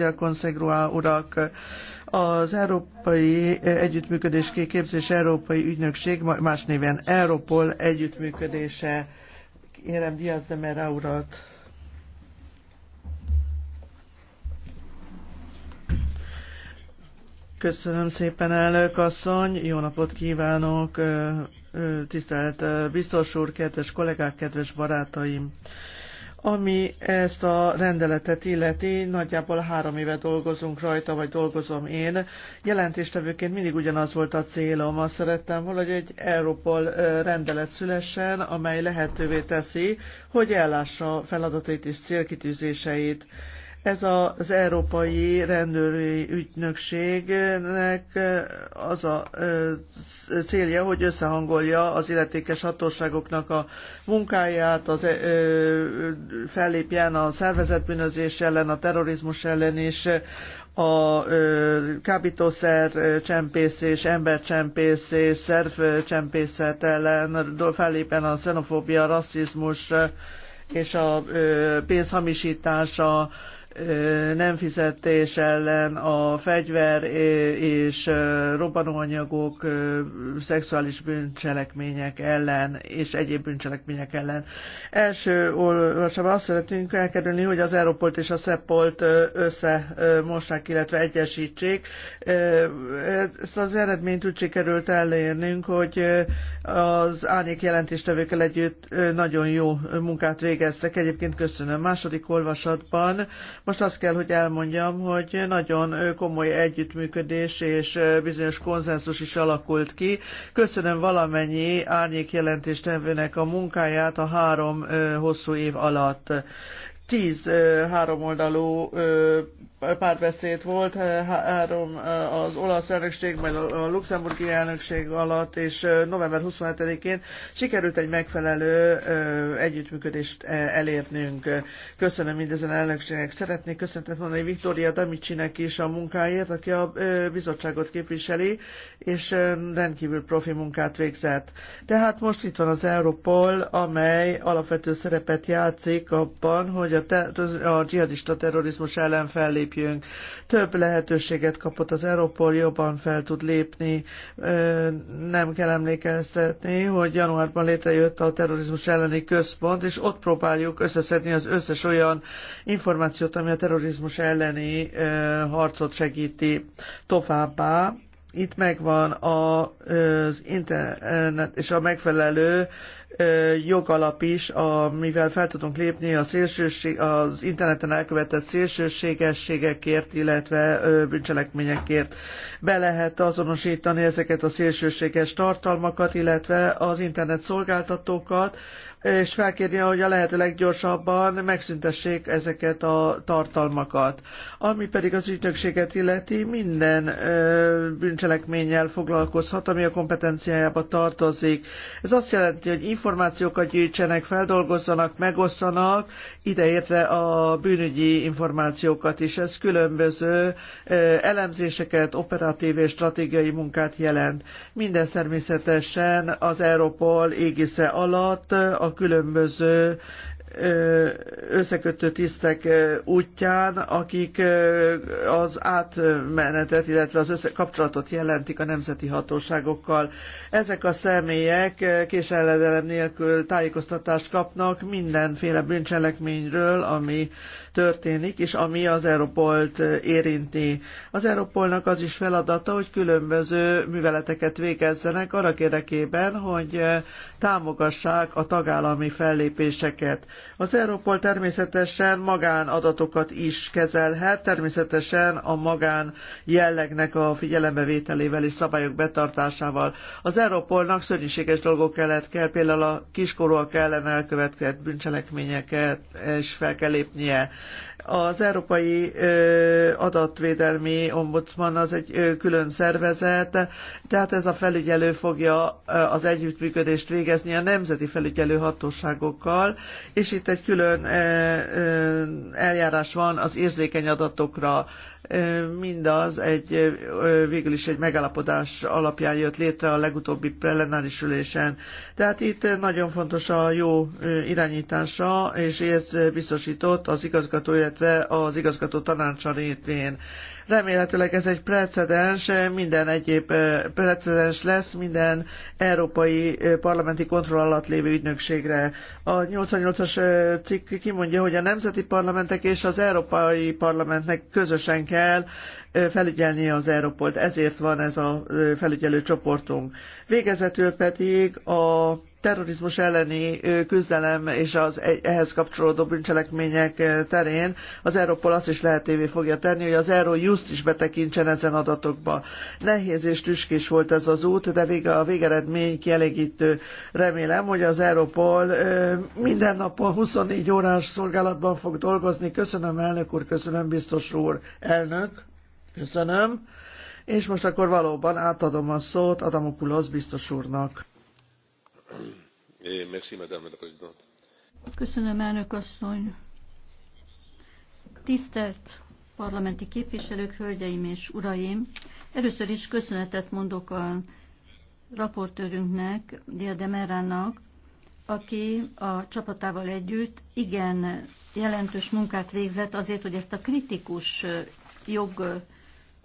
Szia Consegrua urak. Az Európai Együttműködés Képzés Európai Ügynökség, más néven Európol együttműködése. Kérem Diaz de Mera urat. Köszönöm szépen, elnök asszony, jó napot kívánok, tisztelt biztos úr, kedves kollégák, kedves barátaim! Ami ezt a rendeletet illeti, nagyjából három éve dolgozunk rajta, vagy dolgozom én. Jelentéstevőként mindig ugyanaz volt a célom. Azt szerettem volna, hogy egy Európol rendelet szülessen, amely lehetővé teszi, hogy ellássa feladatait és célkitűzéseit ez az Európai Rendőri Ügynökségnek az a célja, hogy összehangolja az illetékes hatóságoknak a munkáját, az fellépjen a szervezetbűnözés ellen, a terrorizmus ellen is, a kábítószer csempészés, embercsempészés, szervcsempészet ellen fellépen a xenofóbia, rasszizmus és a pénzhamisítás, a nem fizetés ellen, a fegyver és robbanóanyagok, szexuális bűncselekmények ellen és egyéb bűncselekmények ellen. Első olvasában azt szeretnénk elkerülni, hogy az Európolt és a Szeppolt összemossák, illetve egyesítsék. Ezt az eredményt úgy sikerült elérnünk, hogy az árnyék jelentéstevőkkel együtt nagyon jó munkát végeztek. Egyébként köszönöm. Második olvasatban most azt kell, hogy elmondjam, hogy nagyon komoly együttműködés és bizonyos konzenzus is alakult ki. Köszönöm valamennyi árnyék jelentéstevőnek a munkáját a három hosszú év alatt tíz háromoldalú párbeszéd volt, eh, három eh, az olasz elnökség, majd a luxemburgi elnökség alatt, és eh, november 27-én sikerült egy megfelelő együttműködést elérnünk. Köszönöm mindezen elnökségnek. Szeretnék köszöntet mondani Viktória Damicsinek is a munkáért, aki a bizottságot képviseli, és rendkívül profi munkát végzett. Tehát most itt van az Europol, amely alapvető szerepet játszik abban, hogy a, ter- a dzsihadista terrorizmus ellen fellép lépjünk. Több lehetőséget kapott az Europol, jobban fel tud lépni. Nem kell emlékeztetni, hogy januárban létrejött a terrorizmus elleni központ, és ott próbáljuk összeszedni az összes olyan információt, ami a terrorizmus elleni harcot segíti továbbá. Itt megvan az internet és a megfelelő jogalap is, amivel fel tudunk lépni a szélsőség, az interneten elkövetett szélsőségességekért, illetve bűncselekményekért. Be lehet azonosítani ezeket a szélsőséges tartalmakat, illetve az internet szolgáltatókat, és felkérni, hogy a lehető leggyorsabban megszüntessék ezeket a tartalmakat. Ami pedig az ügynökséget illeti, minden ö, bűncselekménnyel foglalkozhat, ami a kompetenciájába tartozik. Ez azt jelenti, hogy információkat gyűjtsenek, feldolgozzanak, megosszanak, ideértve a bűnügyi információkat is. Ez különböző ö, elemzéseket, operatív és stratégiai munkát jelent. Mindez természetesen az Europol égisze alatt, a a különböző összekötő tisztek útján, akik az átmenetet, illetve az össze kapcsolatot jelentik a nemzeti hatóságokkal. Ezek a személyek késelledelem nélkül tájékoztatást kapnak mindenféle bűncselekményről, ami történik, és ami az Europolt eh, érinti. Az Europolnak az is feladata, hogy különböző műveleteket végezzenek arra érdekében, hogy eh, támogassák a tagállami fellépéseket. Az Europol természetesen magánadatokat is kezelhet, természetesen a magán jellegnek a figyelembevételével és szabályok betartásával. Az Europolnak szörnyűséges dolgok kellett kell, például a kiskorúak ellen elkövetkezett bűncselekményeket, és fel kell lépnie. Az Európai Adatvédelmi Ombudsman az egy külön szervezet, tehát ez a felügyelő fogja az együttműködést végezni a nemzeti felügyelő hatóságokkal, és itt egy külön eljárás van az érzékeny adatokra mindaz egy, végül is egy megállapodás alapján jött létre a legutóbbi plenáris ülésen. Tehát itt nagyon fontos a jó irányítása, és ez biztosított az igazgató, illetve az igazgató tanácsa Remélhetőleg ez egy precedens, minden egyéb eh, precedens lesz minden európai eh, parlamenti kontroll alatt lévő ügynökségre. A 88-as eh, cikk kimondja, hogy a nemzeti parlamentek és az európai parlamentnek közösen kell felügyelni az Európolt. Ezért van ez a felügyelő csoportunk. Végezetül pedig a terrorizmus elleni küzdelem és az e, ehhez kapcsolódó bűncselekmények terén az Európol azt is lehetővé fogja tenni, hogy az Eurojust is betekintsen ezen adatokba. Nehéz és tüskés volt ez az út, de a végeredmény kielégítő. Remélem, hogy az Európol minden nap a 24 órás szolgálatban fog dolgozni. Köszönöm, elnök úr, köszönöm, biztos úr, elnök. Köszönöm. És most akkor valóban átadom a szót Adamopulosz biztos úrnak. Köszönöm, elnök asszony. Tisztelt parlamenti képviselők, hölgyeim és uraim! Először is köszönetet mondok a raportőrünknek, Diademerának, aki a csapatával együtt igen jelentős munkát végzett azért, hogy ezt a kritikus jog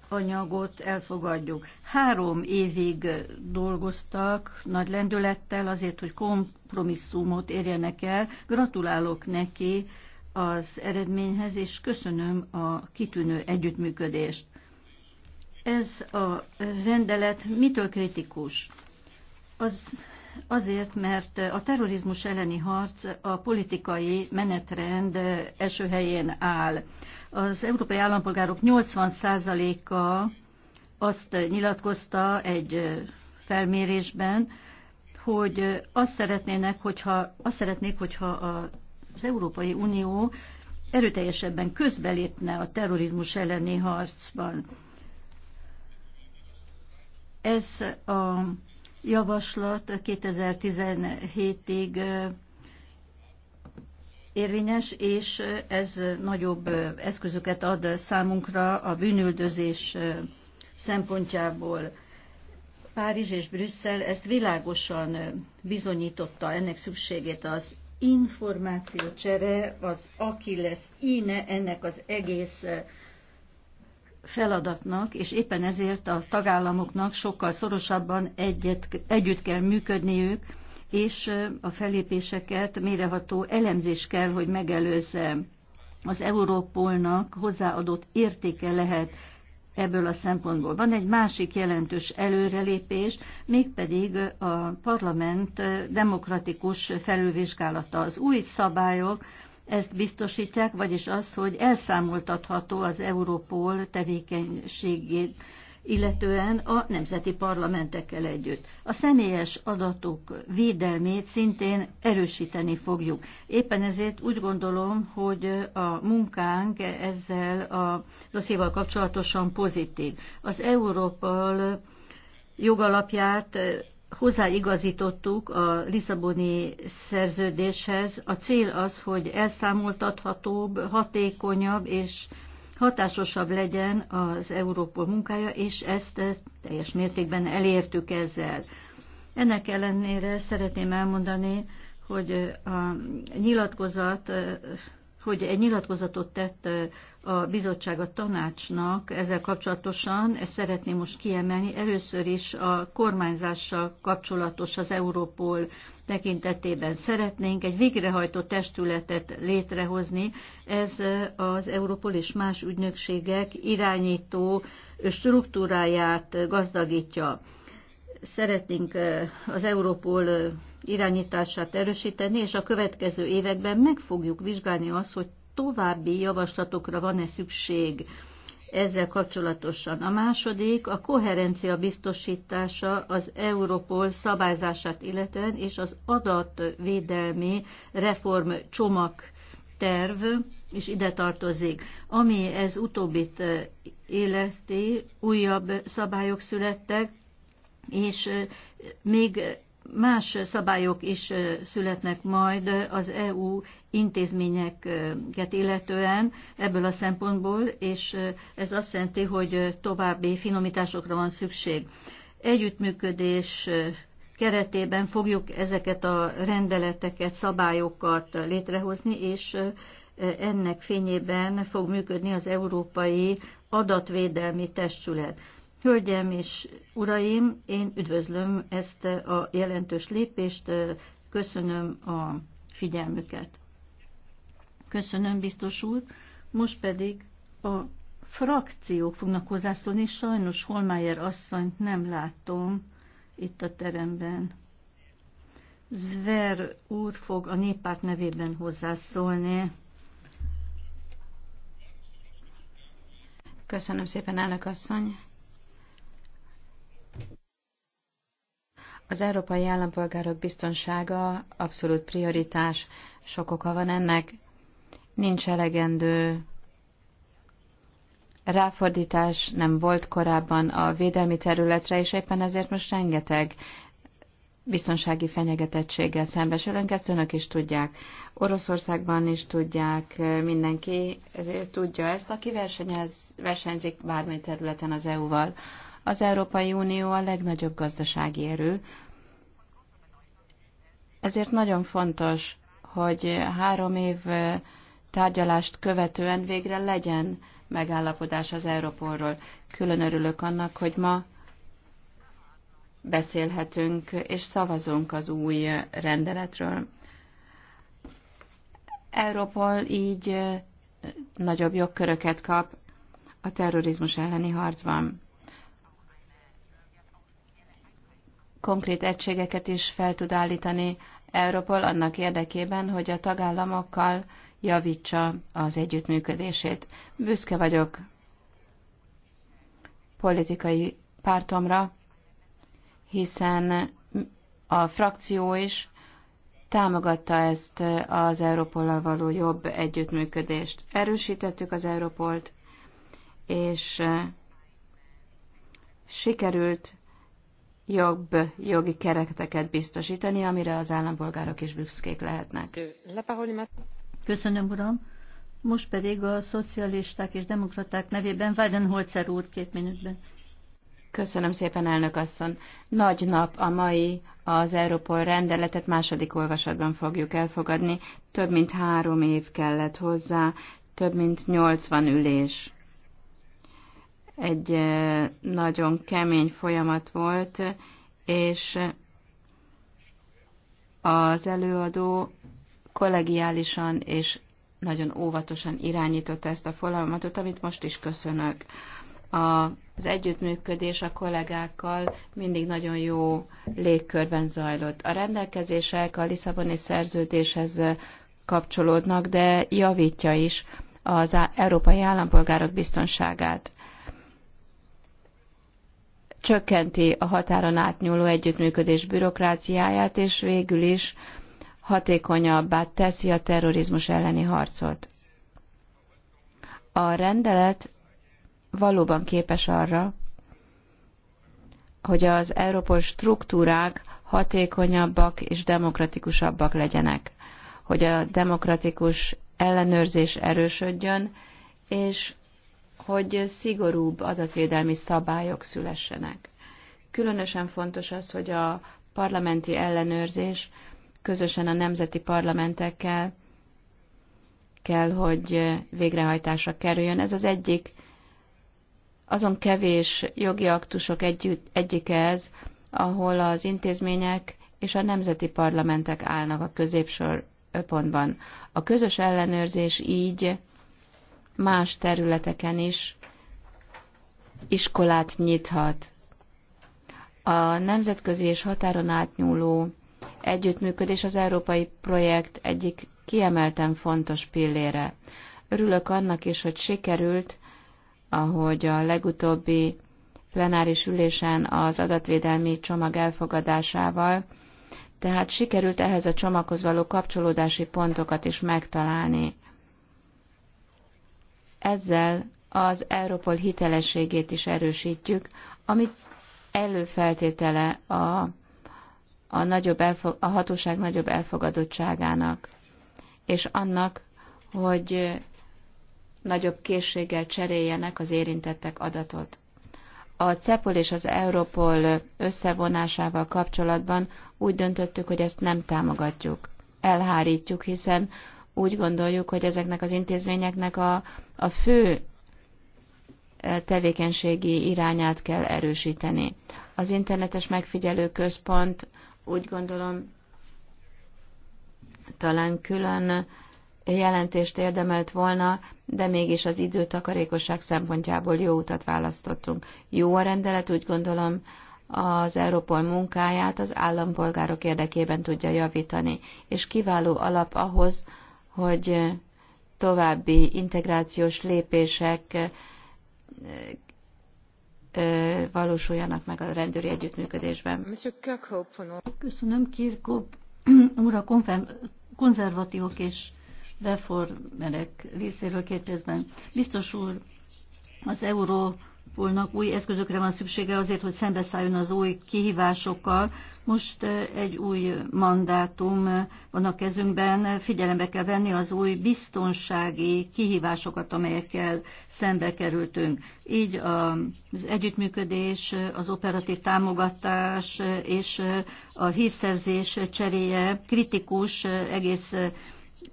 anyagot elfogadjuk. Három évig dolgoztak nagy lendülettel azért, hogy kompromisszumot érjenek el. Gratulálok neki az eredményhez, és köszönöm a kitűnő együttműködést. Ez a rendelet mitől kritikus? Az azért, mert a terrorizmus elleni harc a politikai menetrend első helyén áll. Az európai állampolgárok 80%-a azt nyilatkozta egy felmérésben, hogy azt szeretnének, hogyha, azt szeretnék, hogyha az Európai Unió erőteljesebben közbelépne a terrorizmus elleni harcban. Ez a javaslat 2017-ig érvényes, és ez nagyobb eszközöket ad számunkra a bűnüldözés szempontjából. Párizs és Brüsszel ezt világosan bizonyította ennek szükségét az információcsere, az lesz íne ennek az egész feladatnak, és éppen ezért a tagállamoknak sokkal szorosabban egyet, együtt kell működniük, és a felépéseket méreható elemzés kell, hogy megelőzze. Az Európolnak hozzáadott értéke lehet ebből a szempontból. Van egy másik jelentős előrelépés, mégpedig a parlament demokratikus felülvizsgálata. Az új szabályok ezt biztosítják, vagyis az, hogy elszámoltatható az Európol tevékenységét illetően a nemzeti parlamentekkel együtt. A személyes adatok védelmét szintén erősíteni fogjuk. Éppen ezért úgy gondolom, hogy a munkánk ezzel a dosszéval kapcsolatosan pozitív. Az Európal jogalapját hozzáigazítottuk a Lisszaboni szerződéshez. A cél az, hogy elszámoltathatóbb, hatékonyabb és hatásosabb legyen az Európol munkája, és ezt teljes mértékben elértük ezzel. Ennek ellenére szeretném elmondani, hogy a nyilatkozat hogy egy nyilatkozatot tett a bizottság a tanácsnak ezzel kapcsolatosan, ezt szeretném most kiemelni, először is a kormányzással kapcsolatos az Európol tekintetében szeretnénk egy végrehajtó testületet létrehozni, ez az Európol és más ügynökségek irányító struktúráját gazdagítja. Szeretnénk az Európol irányítását erősíteni, és a következő években meg fogjuk vizsgálni azt, hogy további javaslatokra van-e szükség ezzel kapcsolatosan. A második a koherencia biztosítása az Europol szabályzását illetően és az adatvédelmi reform csomag terv is ide tartozik. Ami ez utóbbit életi, eh, újabb szabályok születtek, és eh, még más szabályok is születnek majd az EU intézményeket illetően ebből a szempontból, és ez azt jelenti, hogy további finomításokra van szükség. Együttműködés keretében fogjuk ezeket a rendeleteket, szabályokat létrehozni, és ennek fényében fog működni az Európai Adatvédelmi Testület. Hölgyem és uraim, én üdvözlöm ezt a jelentős lépést, köszönöm a figyelmüket. Köszönöm, biztos úr. Most pedig a frakciók fognak hozzászólni, sajnos Holmájer asszonyt nem látom itt a teremben. Zver úr fog a néppárt nevében hozzászólni. Köszönöm szépen, elnök asszony. Az európai állampolgárok biztonsága abszolút prioritás. Sok oka van ennek. Nincs elegendő ráfordítás, nem volt korábban a védelmi területre, és éppen ezért most rengeteg biztonsági fenyegetettséggel szembesülünk, ezt önök is tudják. Oroszországban is tudják, mindenki tudja ezt, aki versenyez, versenyzik bármely területen az EU-val. Az Európai Unió a legnagyobb gazdasági erő, ezért nagyon fontos, hogy három év tárgyalást követően végre legyen megállapodás az Európolról. Külön örülök annak, hogy ma beszélhetünk és szavazunk az új rendeletről. Európol így nagyobb jogköröket kap a terrorizmus elleni harcban. konkrét egységeket is fel tud állítani Európol annak érdekében, hogy a tagállamokkal javítsa az együttműködését. Büszke vagyok politikai pártomra, hiszen a frakció is támogatta ezt az Európollal való jobb együttműködést. Erősítettük az Európolt, és sikerült jobb jogi kereteket biztosítani, amire az állampolgárok is büszkék lehetnek. Köszönöm, uram. Most pedig a szocialisták és demokraták nevében Weidenholzer úr két minútben. Köszönöm szépen, elnök asszony. Nagy nap a mai, az Európol rendeletet második olvasatban fogjuk elfogadni. Több mint három év kellett hozzá, több mint 80 ülés egy nagyon kemény folyamat volt, és az előadó kollegiálisan és nagyon óvatosan irányította ezt a folyamatot, amit most is köszönök. Az együttműködés a kollégákkal mindig nagyon jó légkörben zajlott. A rendelkezések a Lisszaboni szerződéshez kapcsolódnak, de javítja is az európai állampolgárok biztonságát csökkenti a határon átnyúló együttműködés bürokráciáját, és végül is hatékonyabbá teszi a terrorizmus elleni harcot. A rendelet valóban képes arra, hogy az európai struktúrák hatékonyabbak és demokratikusabbak legyenek, hogy a demokratikus ellenőrzés erősödjön, és hogy szigorúbb adatvédelmi szabályok szülessenek. Különösen fontos az, hogy a parlamenti ellenőrzés közösen a nemzeti parlamentekkel kell, hogy végrehajtásra kerüljön. Ez az egyik, azon kevés jogi aktusok együtt, egyike ez, ahol az intézmények és a nemzeti parlamentek állnak a középsor pontban. A közös ellenőrzés így más területeken is iskolát nyithat. A nemzetközi és határon átnyúló együttműködés az európai projekt egyik kiemelten fontos pillére. Örülök annak is, hogy sikerült, ahogy a legutóbbi plenáris ülésen az adatvédelmi csomag elfogadásával, tehát sikerült ehhez a csomaghoz való kapcsolódási pontokat is megtalálni. Ezzel az Európol hitelességét is erősítjük, amit előfeltétele a, a, nagyobb elfog, a hatóság nagyobb elfogadottságának, és annak, hogy nagyobb készséggel cseréljenek az érintettek adatot. A CEPOL és az Európol összevonásával kapcsolatban úgy döntöttük, hogy ezt nem támogatjuk. Elhárítjuk, hiszen úgy gondoljuk, hogy ezeknek az intézményeknek a, a fő e, tevékenységi irányát kell erősíteni. Az internetes megfigyelő központ úgy gondolom talán külön jelentést érdemelt volna, de mégis az időtakarékosság szempontjából jó utat választottunk. Jó a rendelet, úgy gondolom, az Európol munkáját az állampolgárok érdekében tudja javítani, és kiváló alap ahhoz, hogy további integrációs lépések valósuljanak meg a rendőri együttműködésben. Köszönöm, Kirkhope úr, a konzervatívok és reformerek részéről kérdezben. Biztos úr, az euró Polnak új eszközökre van szüksége azért, hogy szembeszálljon az új kihívásokkal. Most egy új mandátum van a kezünkben, figyelembe kell venni az új biztonsági kihívásokat, amelyekkel szembe kerültünk. Így az együttműködés, az operatív támogatás és a hírszerzés cseréje kritikus egész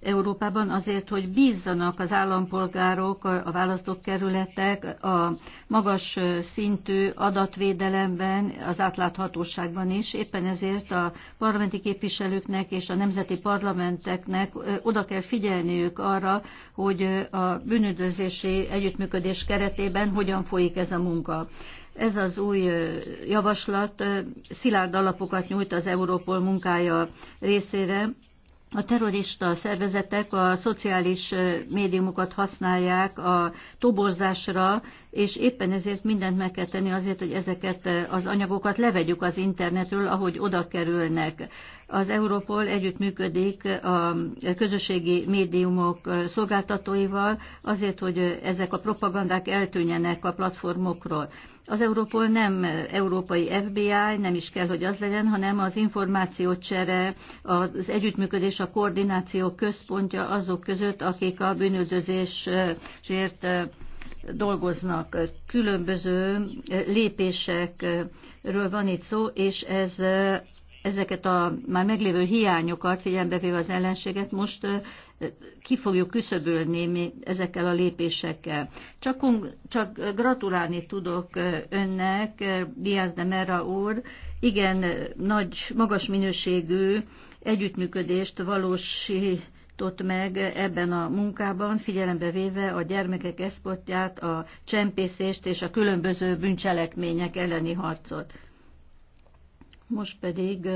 Európában azért, hogy bízzanak az állampolgárok, a választókerületek a magas szintű adatvédelemben, az átláthatóságban is. Éppen ezért a parlamenti képviselőknek és a nemzeti parlamenteknek oda kell figyelniük arra, hogy a bűnüldözési együttműködés keretében hogyan folyik ez a munka. Ez az új javaslat szilárd alapokat nyújt az Európol munkája részére, a terrorista szervezetek a szociális eh, médiumokat használják a toborzásra és éppen ezért mindent meg kell tenni azért, hogy ezeket eh, az anyagokat levegyük az internetről, ahogy oda kerülnek. Az Europol együttműködik a közösségi médiumok eh, szolgáltatóival azért, hogy eh, ezek a propagandák eltűnjenek a platformokról. Az Europol nem európai FBI, nem is kell, hogy az legyen, hanem az információcsere, az együttműködés, a koordináció központja azok között, akik a bűnözésért dolgoznak. Különböző lépésekről van itt szó, és ez ezeket a már meglévő hiányokat figyelembe véve az ellenséget most ki fogjuk küszöbölni ezekkel a lépésekkel. Csak, csak gratulálni tudok önnek, Diaz de Mera úr, igen, nagy, magas minőségű együttműködést valósít hatott meg ebben a munkában, figyelembe véve a gyermekek eszportját, a csempészést és a különböző bűncselekmények elleni harcot. Most pedig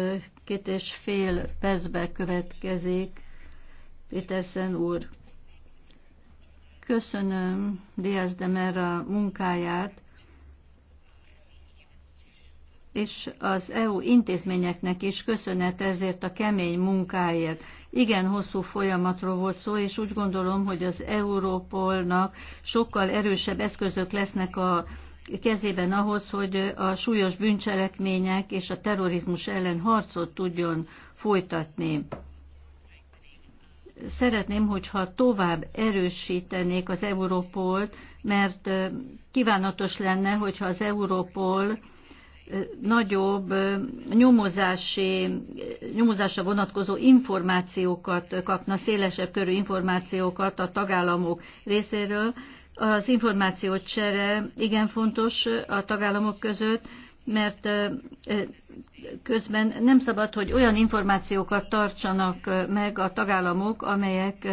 két és fél percbe következik Péterszen úr. Köszönöm Diaz de Mera munkáját, és az EU intézményeknek is köszönet ezért a kemény munkáért igen hosszú folyamatról volt szó, és úgy gondolom, hogy az Európolnak sokkal erősebb eszközök lesznek a kezében ahhoz, hogy a súlyos bűncselekmények és a terrorizmus ellen harcot tudjon folytatni. Szeretném, hogyha tovább erősítenék az Európolt, mert kívánatos lenne, hogyha az Európol nagyobb nyomozási, nyomozásra vonatkozó információkat kapna, szélesebb körű információkat a tagállamok részéről. Az csere igen fontos a tagállamok között, mert közben nem szabad, hogy olyan információkat tartsanak meg a tagállamok, amelyek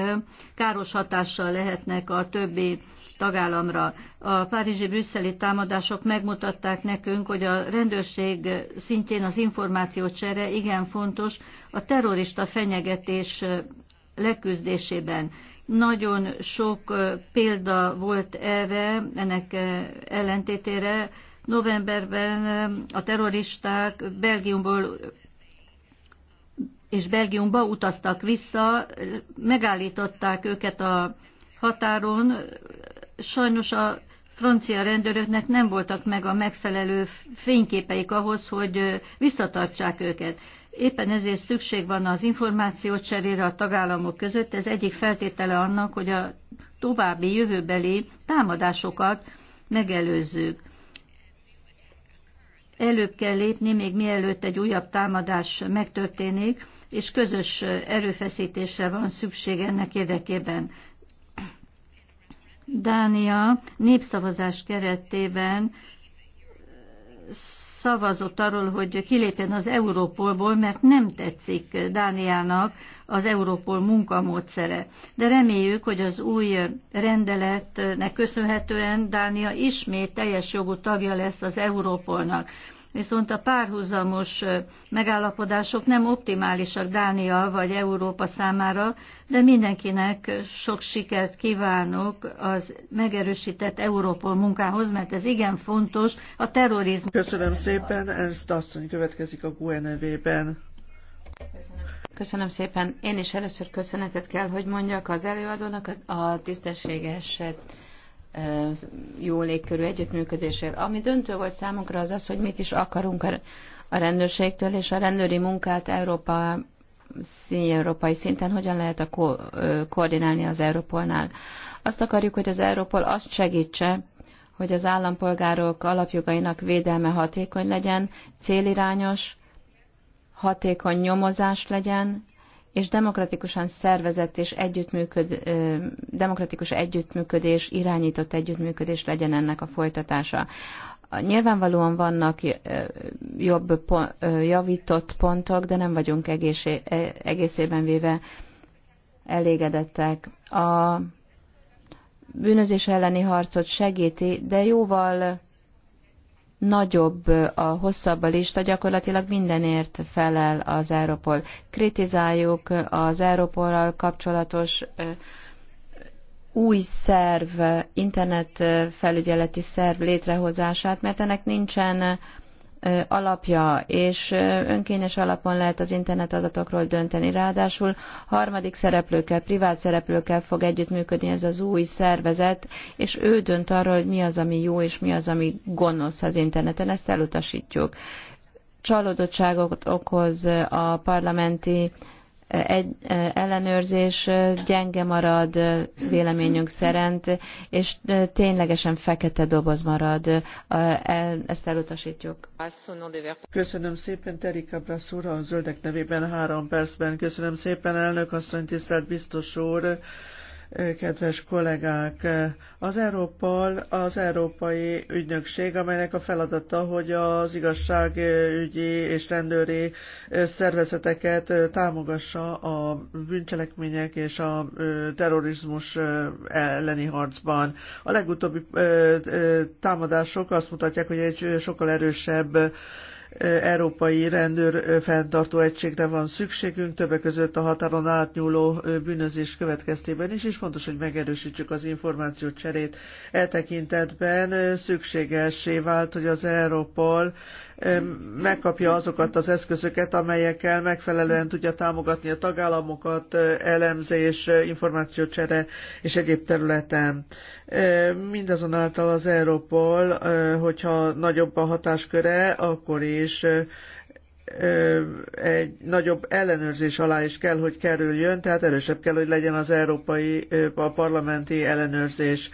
káros hatással lehetnek a többi tagállamra. A párizsi-brüsszeli támadások megmutatták nekünk, hogy a rendőrség szintjén az információcsere igen fontos a terrorista fenyegetés leküzdésében. Nagyon sok példa volt erre, ennek ellentétére. Novemberben a terroristák Belgiumból és Belgiumba utaztak vissza, megállították őket a határon, sajnos a francia rendőröknek nem voltak meg a megfelelő fényképeik ahhoz, hogy visszatartsák őket. Éppen ezért szükség van az információ cserére a tagállamok között, ez egyik feltétele annak, hogy a további jövőbeli támadásokat megelőzzük. Előbb kell lépni, még mielőtt egy újabb támadás megtörténik, és közös erőfeszítésre van szükség ennek érdekében. Dánia népszavazás keretében szavazott arról, hogy kilépjen az Európolból, mert nem tetszik Dániának az Európol munkamódszere. De reméljük, hogy az új rendeletnek köszönhetően Dánia ismét teljes jogú tagja lesz az Európolnak viszont a párhuzamos megállapodások nem optimálisak Dánia vagy Európa számára, de mindenkinek sok sikert kívánok az megerősített Európol munkához, mert ez igen fontos a terrorizmus. Köszönöm szépen, Ernst asszony következik a GUNV-ben. Köszönöm. szépen. Én is először köszönetet kell, hogy mondjak az előadónak a tisztességeset jó légkörű együttműködésért. Ami döntő volt számunkra az az, hogy mit is akarunk a rendőrségtől, és a rendőri munkát Európa európai szinten hogyan lehet a ko- koordinálni az Európolnál. Azt akarjuk, hogy az Európol azt segítse, hogy az állampolgárok alapjogainak védelme hatékony legyen, célirányos, hatékony nyomozás legyen, és demokratikusan szervezett és együttműköd, demokratikus együttműködés, irányított együttműködés legyen ennek a folytatása. Nyilvánvalóan vannak jobb, javított pontok, de nem vagyunk egészé, e, egészében véve elégedettek. A bűnözés elleni harcot segíti, de jóval nagyobb, a hosszabb a lista, gyakorlatilag mindenért felel az Europol. Kritizáljuk az Europolral kapcsolatos új szerv, internet felügyeleti szerv létrehozását, mert ennek nincsen alapja, és önkényes alapon lehet az internetadatokról dönteni. Ráadásul harmadik szereplőkkel, privát szereplőkkel fog együttműködni ez az új szervezet, és ő dönt arról, hogy mi az, ami jó, és mi az, ami gonosz az interneten. Ezt elutasítjuk. Csalódottságot okoz a parlamenti egy ellenőrzés gyenge marad véleményünk szerint, és ténylegesen fekete doboz marad. E, ezt elutasítjuk. Köszönöm szépen, Terika Brassura, a Zöldek nevében három percben. Köszönöm szépen, elnök asszony, tisztelt biztos úr kedves kollégák! Az Európol az Európai Ügynökség, amelynek a feladata, hogy az igazságügyi és rendőri szervezeteket támogassa a bűncselekmények és a terrorizmus elleni harcban. A legutóbbi támadások azt mutatják, hogy egy sokkal erősebb európai rendőr fenntartó egységre van szükségünk, többek között a határon átnyúló bűnözés következtében is, és fontos, hogy megerősítsük az információ cserét. E tekintetben szükségessé vált, hogy az Európol megkapja azokat az eszközöket, amelyekkel megfelelően tudja támogatni a tagállamokat, elemzés, információcsere és egyéb területen. Mindazonáltal az Europol, hogyha nagyobb a hatásköre, akkor is egy nagyobb ellenőrzés alá is kell, hogy kerüljön, tehát erősebb kell, hogy legyen az európai a parlamenti ellenőrzés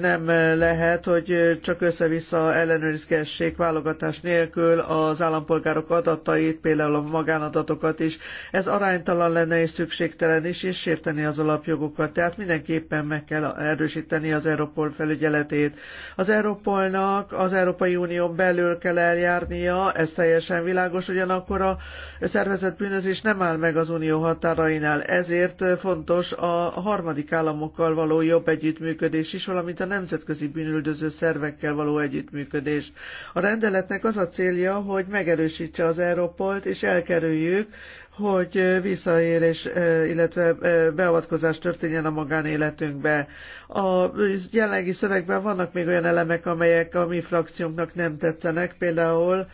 nem lehet, hogy csak össze-vissza ellenőrizgessék válogatás nélkül az állampolgárok adatait, például a magánadatokat is. Ez aránytalan lenne és szükségtelen is, és sérteni az alapjogokat. Tehát mindenképpen meg kell erősíteni az Europol felügyeletét. Az Europolnak az Európai Unión belül kell eljárnia, ez teljesen világos, ugyanakkor a szervezett bűnözés nem áll meg az unió határainál. Ezért fontos a harmadik államokkal való jobb együttműködés együttműködés is, valamint a nemzetközi bűnüldöző szervekkel való együttműködés. A rendeletnek az a célja, hogy megerősítse az Európolt, és elkerüljük, hogy visszaélés, eh, illetve eh, beavatkozás történjen a magánéletünkbe. A jelenlegi szövegben vannak még olyan elemek, amelyek a mi frakciónknak nem tetszenek, például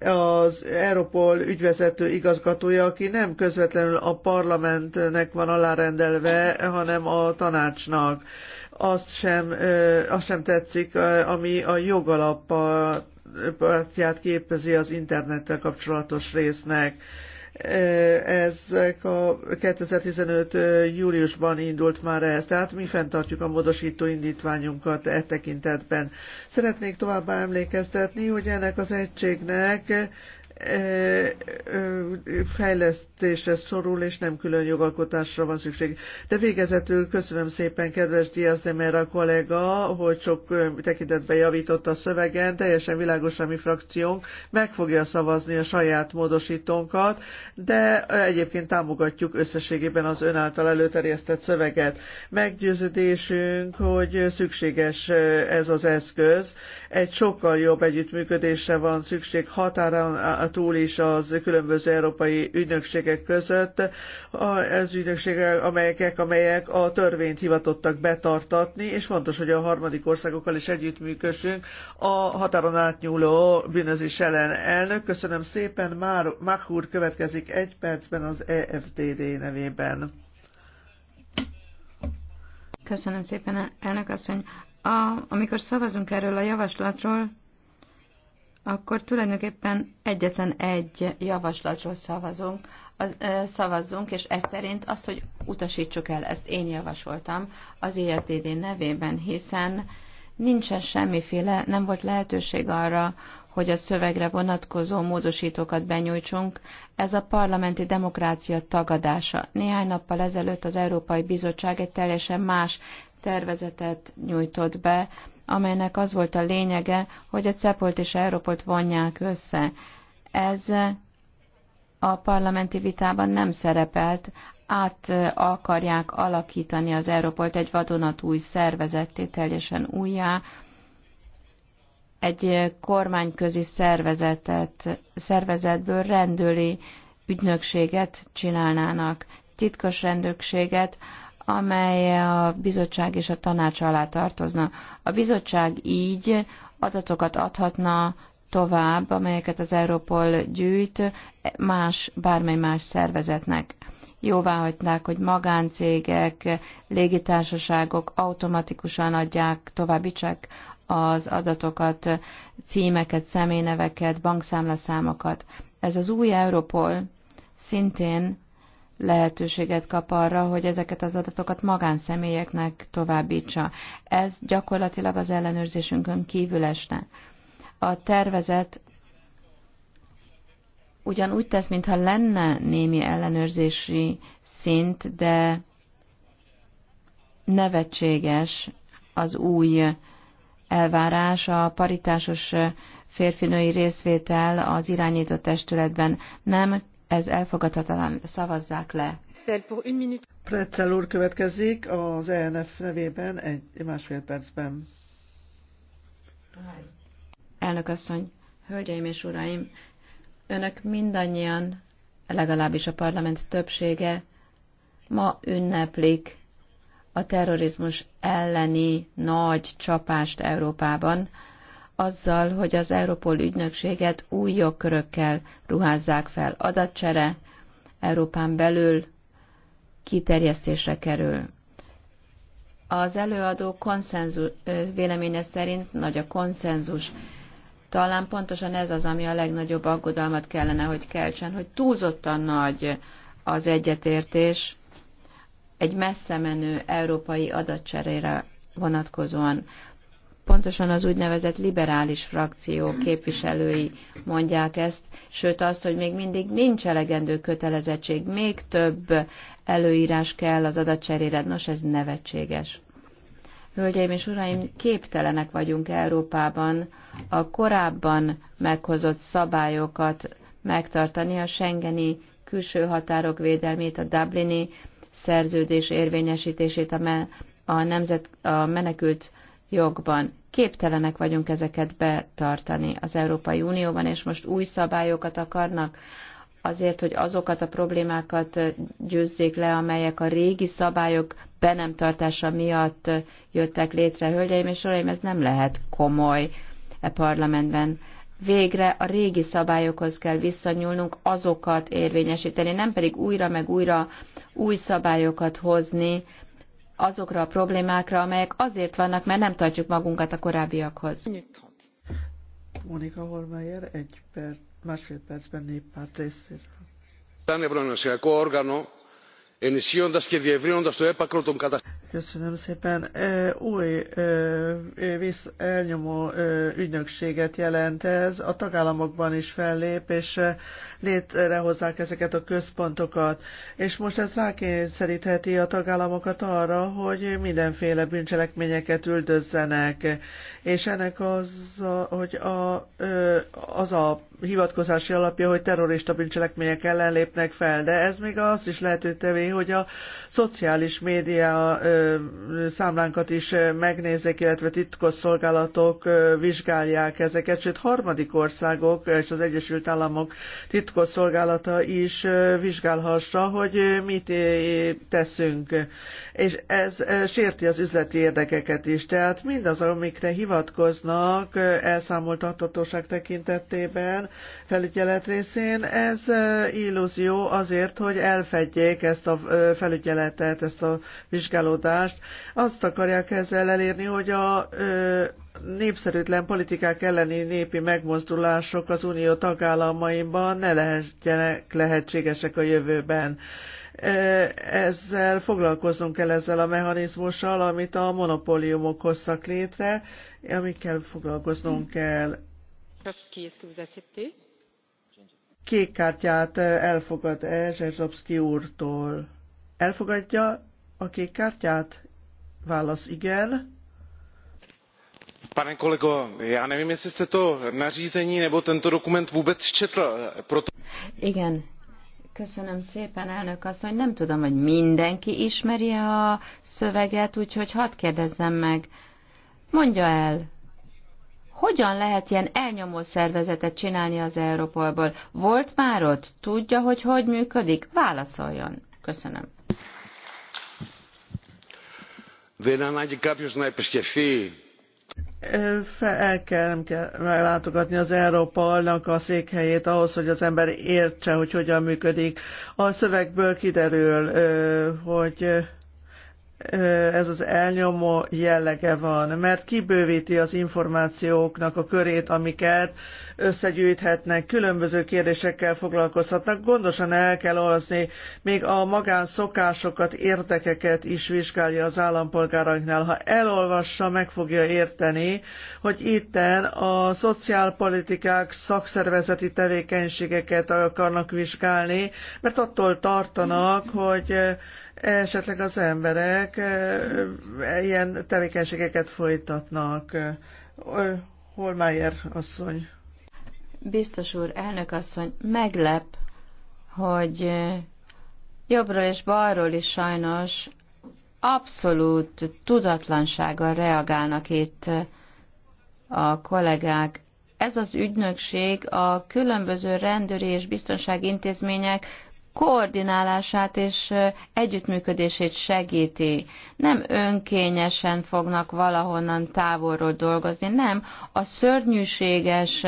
az Europol ügyvezető igazgatója, aki nem közvetlenül a parlamentnek van alárendelve, hanem a tanácsnak azt sem, azt sem tetszik, ami a jogalapját képezi az internettel kapcsolatos résznek. Ezek a 2015. júliusban indult már ez, tehát mi fenntartjuk a módosító indítványunkat e tekintetben. Szeretnék továbbá emlékeztetni, hogy ennek az egységnek fejlesztésre szorul, és nem külön jogalkotásra van szükség. De végezetül köszönöm szépen, kedves Diaz de Mera kollega, hogy sok tekintetben javított a szövegen, teljesen világos a mi frakciónk, meg fogja szavazni a saját módosítónkat, de egyébként támogatjuk összességében az ön által előterjesztett szöveget. Meggyőződésünk, hogy szükséges ez az eszköz. Egy sokkal jobb együttműködésre van szükség határon túl is az különböző európai ügynökségek között, az ügynökségek, amelyek, amelyek a törvényt hivatottak betartatni, és fontos, hogy a harmadik országokkal is együttműködjünk a határon átnyúló bűnözés ellen. Elnök, köszönöm szépen, Már Makhur következik egy percben az EFDD nevében. Köszönöm szépen, elnök asszony. A, amikor szavazunk erről a javaslatról, akkor tulajdonképpen egyetlen egy javaslatról szavazunk, az, ö, szavazzunk, és ez szerint azt, hogy utasítsuk el, ezt én javasoltam az IRTD nevében, hiszen nincsen semmiféle, nem volt lehetőség arra, hogy a szövegre vonatkozó módosítókat benyújtsunk, ez a parlamenti demokrácia tagadása. Néhány nappal ezelőtt az Európai Bizottság egy teljesen más tervezetet nyújtott be, amelynek az volt a lényege, hogy a CEPOLT és Európolt vonják össze. Ez a parlamenti vitában nem szerepelt, át akarják alakítani az Európolt egy vadonatúj szervezetté, teljesen újjá, egy kormányközi szervezetet, szervezetből rendőri ügynökséget csinálnának, titkos rendőrséget, amely a bizottság és a tanács alá tartozna. A bizottság így adatokat adhatna tovább, amelyeket az Európol gyűjt más, bármely más szervezetnek. Jóvá hagynák, hogy magáncégek, légitársaságok automatikusan adják, továbbítsák az adatokat, címeket, személyneveket, bankszámlaszámokat. Ez az új Európol szintén lehetőséget kap arra, hogy ezeket az adatokat magánszemélyeknek továbbítsa. Ez gyakorlatilag az ellenőrzésünkön kívül esne. A tervezet ugyan úgy tesz, mintha lenne némi ellenőrzési szint, de nevetséges az új elvárás, a paritásos férfinői részvétel az irányított testületben. Nem ez elfogadhatatlan, szavazzák le. Pretzel úr következik az ENF nevében egy másfél percben. Elnök asszony, hölgyeim és uraim, önök mindannyian, legalábbis a parlament többsége, ma ünneplik a terrorizmus elleni nagy csapást Európában, azzal, hogy az Európol ügynökséget új jogkörökkel ruházzák fel. Adatcsere Európán belül kiterjesztésre kerül. Az előadó konszenzus, véleménye szerint nagy a konszenzus. Talán pontosan ez az, ami a legnagyobb aggodalmat kellene, hogy keltsen, hogy túlzottan nagy az egyetértés egy messze menő európai adatcserére vonatkozóan. Pontosan az úgynevezett liberális frakció képviselői mondják ezt, sőt azt, hogy még mindig nincs elegendő kötelezettség, még több előírás kell az adatcserére. Nos, ez nevetséges. Hölgyeim és uraim, képtelenek vagyunk Európában a korábban meghozott szabályokat megtartani a Schengeni külső határok védelmét, a Dublini szerződés érvényesítését a, me, a, nemzet, a menekült jogban képtelenek vagyunk ezeket betartani az Európai Unióban, és most új szabályokat akarnak azért, hogy azokat a problémákat győzzék le, amelyek a régi szabályok be nem tartása miatt jöttek létre. Hölgyeim és uraim, ez nem lehet komoly e parlamentben. Végre a régi szabályokhoz kell visszanyúlnunk, azokat érvényesíteni, nem pedig újra meg újra új szabályokat hozni, azokra a problémákra, amelyek azért vannak, mert nem tartjuk magunkat a korábbiakhoz. Monika Holmeyer, egy perc, másfél percben néppárt részéről. Σαν ευρωενωσιακό όργανο, ενισχύοντας και διευρύνοντας το έπακρο των καταστάσεων. Köszönöm szépen. Új visz elnyomó ügynökséget jelent ez. A tagállamokban is fellép, és létrehozzák ezeket a központokat. És most ez rákényszerítheti a tagállamokat arra, hogy mindenféle bűncselekményeket üldözzenek. És ennek az, hogy a, az a hivatkozási alapja, hogy terrorista bűncselekmények ellen lépnek fel, de ez még azt is lehető tevé, hogy a szociális média számlánkat is megnézzék, illetve titkos szolgálatok vizsgálják ezeket, sőt harmadik országok és az Egyesült Államok titkos szolgálata is vizsgálhassa, hogy mit teszünk. És ez sérti az üzleti érdekeket is. Tehát mindaz, amikre hivatkoznak elszámoltathatóság tekintetében, felügyelet részén. Ez illúzió azért, hogy elfedjék ezt a felügyeletet, ezt a vizsgálódást. Azt akarják ezzel elérni, hogy a népszerűtlen politikák elleni népi megmozdulások az unió tagállamaiban ne lehetjenek lehetségesek a jövőben ezzel foglalkoznunk kell ezzel a mechanizmussal, amit a monopóliumok hoztak létre, amikkel foglalkoznunk kell. Kék kártyát elfogad -e Zserzsovszki úrtól? Elfogadja a kék kártyát? Válasz igen. Pane kolego, já nevím, jestli jste to nařízení nebo tento dokument vůbec četl. Proto... Igen, Köszönöm szépen, elnök asszony. Nem tudom, hogy mindenki ismeri a szöveget, úgyhogy hadd kérdezzem meg. Mondja el, hogyan lehet ilyen elnyomó szervezetet csinálni az Európolból? Volt már ott? Tudja, hogy hogy működik? Válaszoljon. Köszönöm. el kell, nem kell meglátogatni az Európa-nak a székhelyét ahhoz, hogy az ember értse, hogy hogyan működik. A szövegből kiderül, hogy ez az elnyomó jellege van, mert kibővíti az információknak a körét, amiket összegyűjthetnek, különböző kérdésekkel foglalkozhatnak. Gondosan el kell olvasni, még a magánszokásokat, értekeket is vizsgálja az állampolgárainknál. Ha elolvassa, meg fogja érteni, hogy itten a szociálpolitikák szakszervezeti tevékenységeket akarnak vizsgálni, mert attól tartanak, hogy esetleg az emberek ilyen tevékenységeket folytatnak. Holmeyer asszony. Biztos úr, elnök asszony, meglep, hogy jobbról és balról is sajnos abszolút tudatlansággal reagálnak itt a kollégák. Ez az ügynökség a különböző rendőri és biztonsági intézmények koordinálását és együttműködését segíti. Nem önkényesen fognak valahonnan távolról dolgozni, nem. A szörnyűséges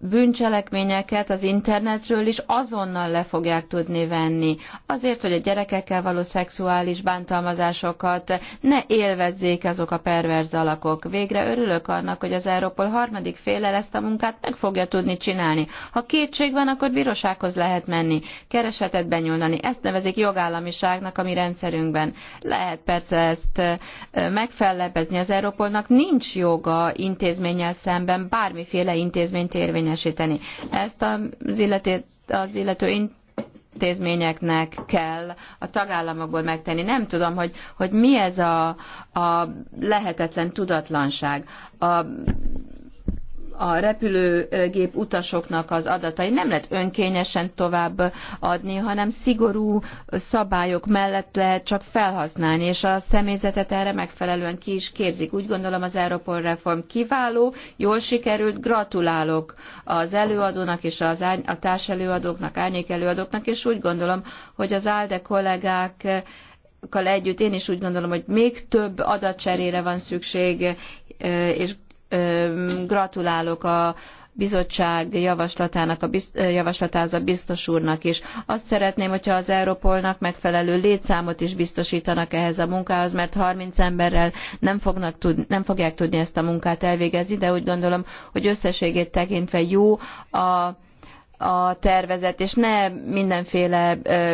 bűncselekményeket az internetről is azonnal le fogják tudni venni. Azért, hogy a gyerekekkel való szexuális bántalmazásokat ne élvezzék azok a perverz alakok. Végre örülök annak, hogy az Európol harmadik féle ezt a munkát meg fogja tudni csinálni. Ha kétség van, akkor bírósághoz lehet menni, keresetet benyúlni. Ezt nevezik jogállamiságnak a mi rendszerünkben. Lehet persze ezt megfellebezni az Európolnak. Nincs joga intézménnyel szemben bármiféle intézményt érvényesíteni érvényesíteni. Ezt az, illetét, az illető intézményeknek kell a tagállamokból megtenni. Nem tudom, hogy, hogy mi ez a, a lehetetlen tudatlanság. A a repülőgép utasoknak az adatai nem lehet önkényesen tovább adni, hanem szigorú szabályok mellett lehet csak felhasználni, és a személyzetet erre megfelelően ki is képzik. Úgy gondolom az Europol reform kiváló, jól sikerült, gratulálok az előadónak és az ány- a társelőadóknak, árnyék előadóknak, és úgy gondolom, hogy az ALDE kollégák együtt én is úgy gondolom, hogy még több adatcserére van szükség, és gratulálok a bizottság javaslatának, a bizt, javaslatához a biztos úrnak is. Azt szeretném, hogyha az Európolnak megfelelő létszámot is biztosítanak ehhez a munkához, mert 30 emberrel nem, fognak tud, nem fogják tudni ezt a munkát elvégezni, de úgy gondolom, hogy összességét tekintve jó a a tervezet, és ne mindenféle ö,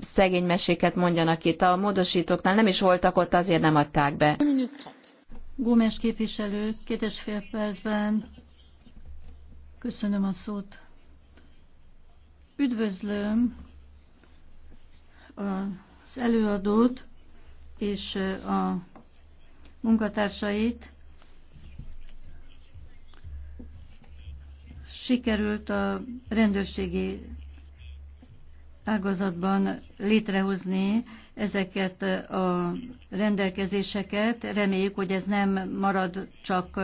szegény meséket mondjanak itt. A módosítóknál nem is voltak ott, azért nem adták be. Gómez képviselő, két és fél percben. Köszönöm a szót. Üdvözlöm az előadót és a munkatársait. Sikerült a rendőrségi ágazatban létrehozni ezeket a rendelkezéseket. Reméljük, hogy ez nem marad csak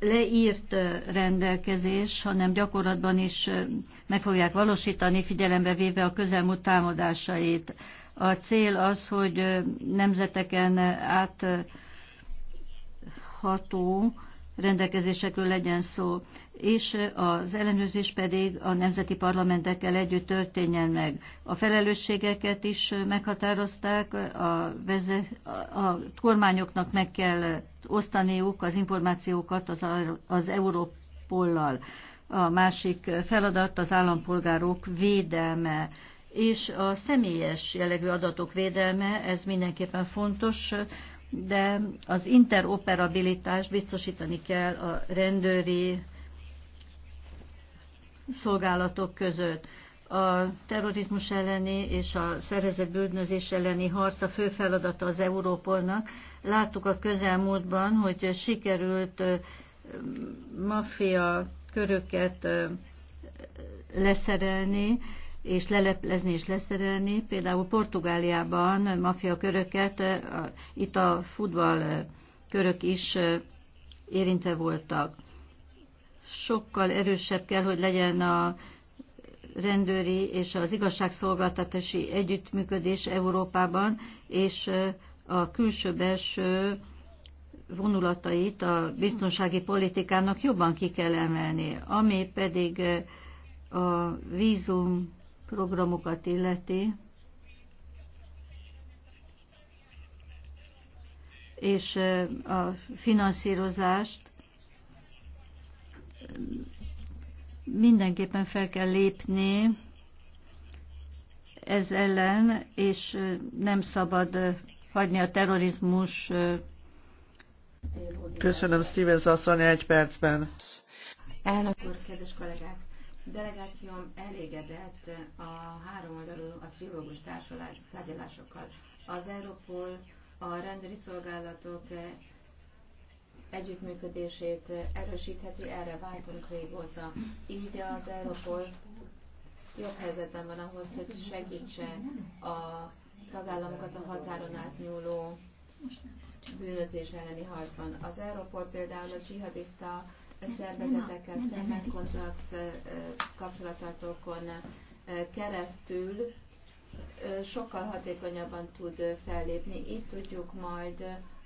leírt rendelkezés, hanem gyakorlatban is meg fogják valósítani, figyelembe véve a közelmúlt támadásait. A cél az, hogy nemzeteken átható rendelkezésekről legyen szó és az ellenőrzés pedig a nemzeti parlamentekkel együtt történjen meg. A felelősségeket is meghatározták, a, vezet, a kormányoknak meg kell osztaniuk az információkat az, az Európollal. A másik feladat az állampolgárok védelme és a személyes jellegű adatok védelme, ez mindenképpen fontos, de az interoperabilitást biztosítani kell a rendőri szolgálatok között. A terrorizmus elleni és a szervezett bűnözés elleni harca fő feladata az Európolnak. Láttuk a közelmúltban, hogy sikerült maffia köröket leszerelni, és leleplezni és leszerelni. Például Portugáliában maffia köröket, itt a futball körök is érintve voltak sokkal erősebb kell, hogy legyen a rendőri és az igazságszolgáltatási együttműködés Európában, és a külső-belső vonulatait a biztonsági politikának jobban ki kell emelni, ami pedig a vízum programokat illeti, és a finanszírozást mindenképpen fel kell lépni ez ellen, és nem szabad hagyni a terrorizmus. Köszönöm, Stevens asszony, egy percben. Elnök úr, kedves kollégák! Delegációm elégedett a három oldalú, a trilógus tárgyalásokkal. Az Európol, a rendőri szolgálatok együttműködését erősítheti, erre váltunk régóta. Így az Európol jobb helyzetben van ahhoz, hogy segítse a tagállamokat a határon átnyúló bűnözés elleni harcban. Az Európol például a dzsihadista szervezetekkel szemben kontakt kapcsolatartókon keresztül sokkal hatékonyabban tud fellépni. itt tudjuk majd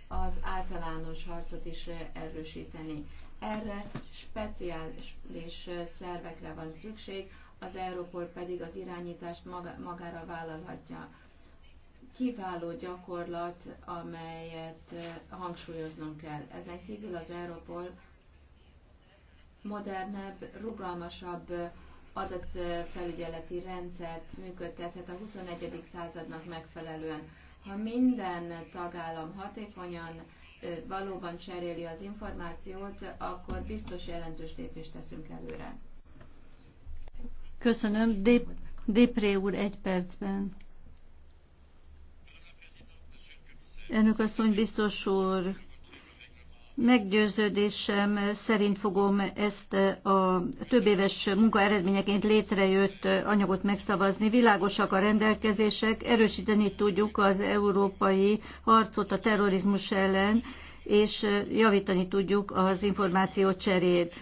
az általános harcot is erősíteni. Erre speciális szervekre van szükség, az Európol pedig az irányítást magára vállalhatja. Kiváló gyakorlat, amelyet hangsúlyoznunk kell. Ezen kívül az Európol modernebb, rugalmasabb adatfelügyeleti rendszert működtethet a 21. századnak megfelelően ha minden tagállam hatékonyan valóban cseréli az információt, akkor biztos jelentős lépést teszünk előre. Köszönöm. Dépré úr egy percben. Elnök asszony, biztos úr, Meggyőződésem szerint fogom ezt a több éves munka eredményeként létrejött anyagot megszavazni. Világosak a rendelkezések, erősíteni tudjuk az európai harcot a terrorizmus ellen, és javítani tudjuk az információ cserét.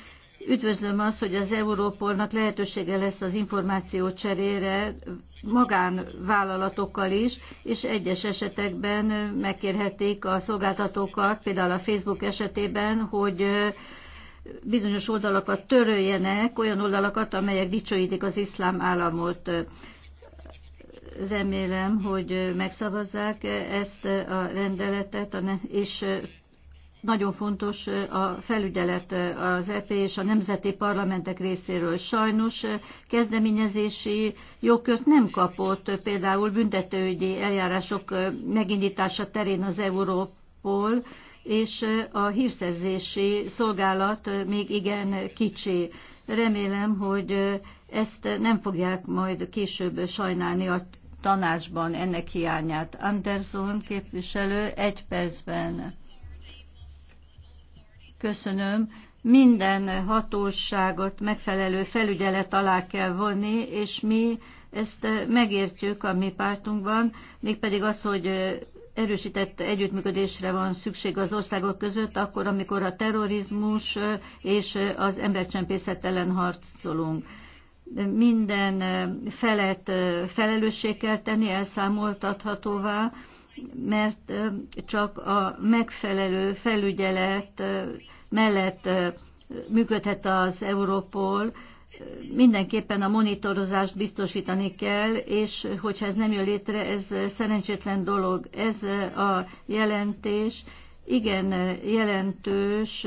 Üdvözlöm azt, hogy az Európolnak lehetősége lesz az információ cserére magánvállalatokkal is, és egyes esetekben megkérhetik a szolgáltatókat, például a Facebook esetében, hogy bizonyos oldalakat töröljenek, olyan oldalakat, amelyek dicsőítik az iszlám államot. Remélem, hogy megszavazzák ezt a rendeletet, és nagyon fontos a felügyelet az EP és a nemzeti parlamentek részéről. Sajnos kezdeményezési jogkört nem kapott például büntetőügyi eljárások megindítása terén az Európol, és a hírszerzési szolgálat még igen kicsi. Remélem, hogy ezt nem fogják majd később sajnálni a tanácsban ennek hiányát. Anderson képviselő egy percben köszönöm, minden hatóságot megfelelő felügyelet alá kell vonni, és mi ezt megértjük a mi pártunkban, mégpedig az, hogy erősített együttműködésre van szükség az országok között, akkor, amikor a terrorizmus és az embercsempészet ellen harcolunk. Minden felett felelősség kell tenni, elszámoltathatóvá, mert csak a megfelelő felügyelet mellett működhet az Európol, mindenképpen a monitorozást biztosítani kell, és hogyha ez nem jön létre, ez szerencsétlen dolog. Ez a jelentés igen jelentős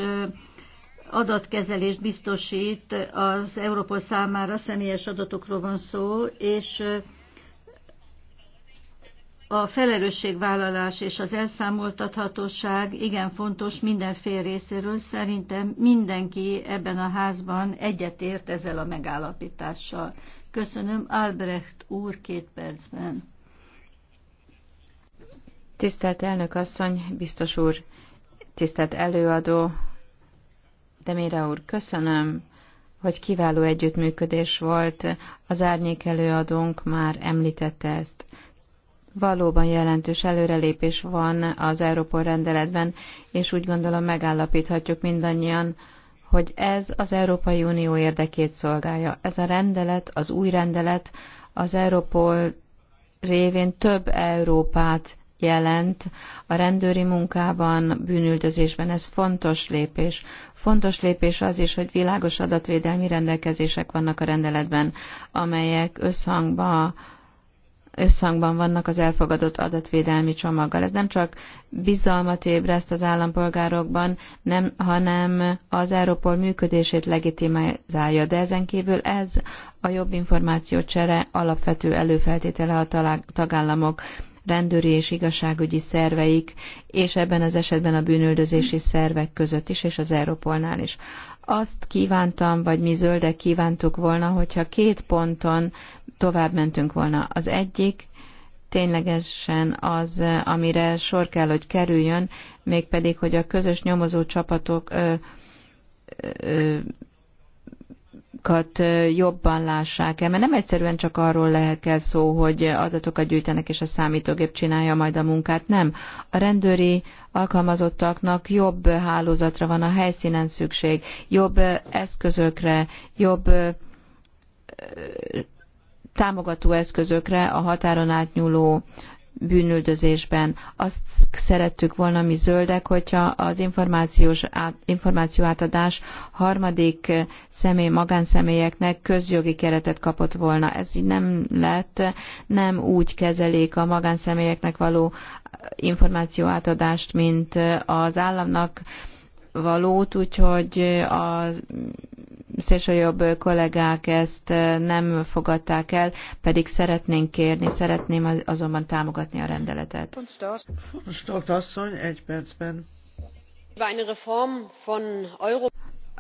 adatkezelést biztosít az Európol számára, személyes adatokról van szó, és a felelősségvállalás és az elszámoltathatóság igen fontos minden fél részéről. Szerintem mindenki ebben a házban egyetért ezzel a megállapítással. Köszönöm, Albrecht úr, két percben. Tisztelt elnök asszony, biztos úr, tisztelt előadó, Demira úr, köszönöm, hogy kiváló együttműködés volt. Az árnyék előadónk már említette ezt valóban jelentős előrelépés van az Európol rendeletben, és úgy gondolom megállapíthatjuk mindannyian, hogy ez az Európai Unió érdekét szolgálja. Ez a rendelet, az új rendelet az Európol révén több Európát jelent. A rendőri munkában, bűnüldözésben ez fontos lépés. Fontos lépés az is, hogy világos adatvédelmi rendelkezések vannak a rendeletben, amelyek összhangban összhangban vannak az elfogadott adatvédelmi csomaggal. Ez nem csak bizalmat ébreszt az állampolgárokban, nem, hanem az Európol működését legitimizálja, de ezen kívül ez a jobb információcsere alapvető előfeltétele a tagállamok rendőri és igazságügyi szerveik, és ebben az esetben a bűnöldözési szervek között is, és az Európolnál is. Azt kívántam, vagy mi zöldek kívántuk volna, hogyha két ponton tovább mentünk volna. Az egyik ténylegesen az, amire sor kell, hogy kerüljön, mégpedig, hogy a közös nyomozó csapatok ö, ö, adatokat jobban lássák el, mert nem egyszerűen csak arról lehet kell szó, hogy adatokat gyűjtenek és a számítógép csinálja majd a munkát, nem. A rendőri alkalmazottaknak jobb hálózatra van a helyszínen szükség, jobb eszközökre, jobb támogató eszközökre a határon átnyúló bűnüldözésben. Azt szerettük volna mi zöldek, hogyha az információs át, információ átadás harmadik eh, személy, magánszemélyeknek közjogi keretet kapott volna. Ez így nem lett, nem úgy kezelik a magánszemélyeknek való eh, információ átadást, mint eh, az államnak valót, úgyhogy a szélsőjobb kollégák ezt nem fogadták el, pedig szeretnénk kérni, szeretném azonban támogatni a rendeletet. egy percben.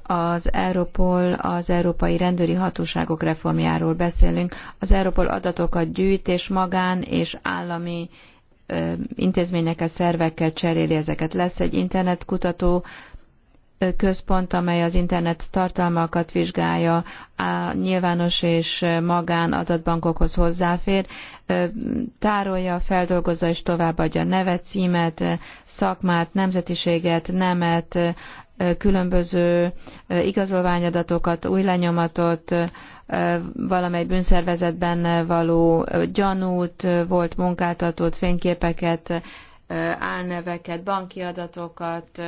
Az Europol, az Európai Rendőri Hatóságok reformjáról beszélünk. Az Europol adatokat gyűjt, és magán és állami intézményekkel, szervekkel cseréli ezeket. Lesz egy internetkutató központ, amely az internet tartalmakat vizsgálja, a nyilvános és magán adatbankokhoz hozzáfér, tárolja, feldolgozza és továbbadja nevet, címet, szakmát, nemzetiséget, nemet, különböző igazolványadatokat, új lenyomatot, valamely bűnszervezetben való gyanút, volt munkáltatót, fényképeket, álneveket, banki adatokat,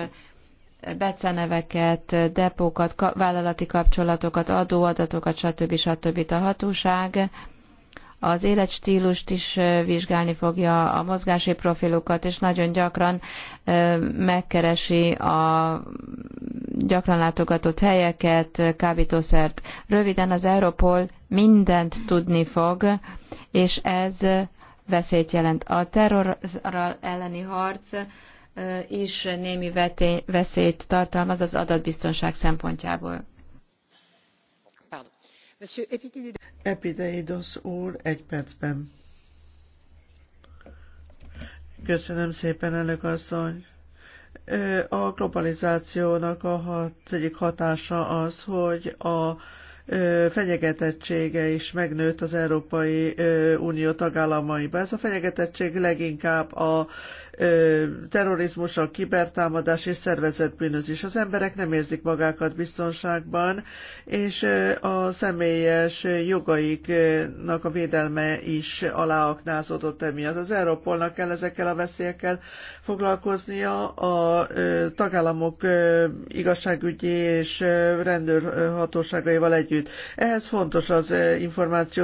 beceneveket, depókat, vállalati kapcsolatokat, adóadatokat, stb. stb. a hatóság az életstílust is vizsgálni fogja, a mozgási profilokat, és nagyon gyakran megkeresi a gyakran látogatott helyeket, kábítószert. Röviden az Europol mindent tudni fog, és ez veszélyt jelent. A terrorral elleni harc is némi veszélyt tartalmaz az adatbiztonság szempontjából. Epideidos úr, egy percben. Köszönöm szépen, elnök asszony. A globalizációnak a hat, egyik hatása az, hogy a fenyegetettsége is megnőtt az Európai Unió tagállamaiba. Ez a fenyegetettség leginkább a terrorizmus, a kibertámadás és szervezett bűnözés. Az emberek nem érzik magákat biztonságban, és a személyes jogaiknak a védelme is aláaknázódott emiatt. Az Európolnak kell ezekkel a veszélyekkel foglalkoznia, a tagállamok igazságügyi és rendőrhatóságaival együtt. Ehhez fontos az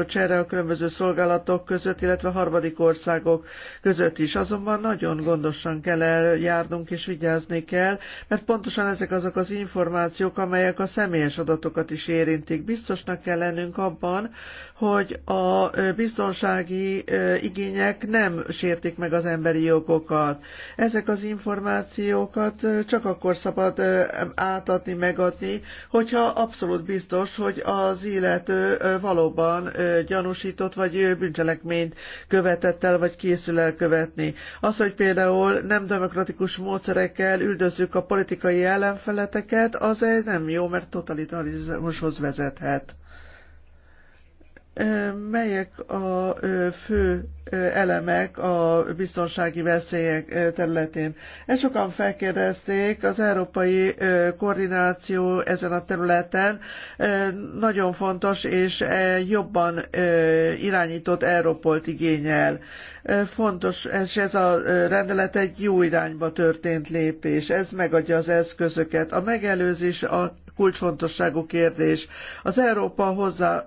csere a különböző szolgálatok között, illetve harmadik országok között is. Azonban nagyon gondosan kell eljárnunk és vigyázni kell, mert pontosan ezek azok az információk, amelyek a személyes adatokat is érintik. Biztosnak kell lennünk abban, hogy a biztonsági igények nem sértik meg az emberi jogokat. Ezek az információkat csak akkor szabad átadni, megadni, hogyha abszolút biztos, hogy az illető valóban gyanúsított vagy bűncselekményt követett el, vagy készül el követni. Az, hogy például például nem demokratikus módszerekkel üldözzük a politikai ellenfeleteket, az egy nem jó, mert totalitarizmushoz vezethet. Melyek a fő elemek a biztonsági veszélyek területén? Ezt sokan felkérdezték, az európai koordináció ezen a területen nagyon fontos és jobban irányított Európolt igényel. Fontos, és ez a rendelet egy jó irányba történt lépés. Ez megadja az eszközöket. A megelőzés a kulcsfontosságú kérdés. Az Európa hozzá,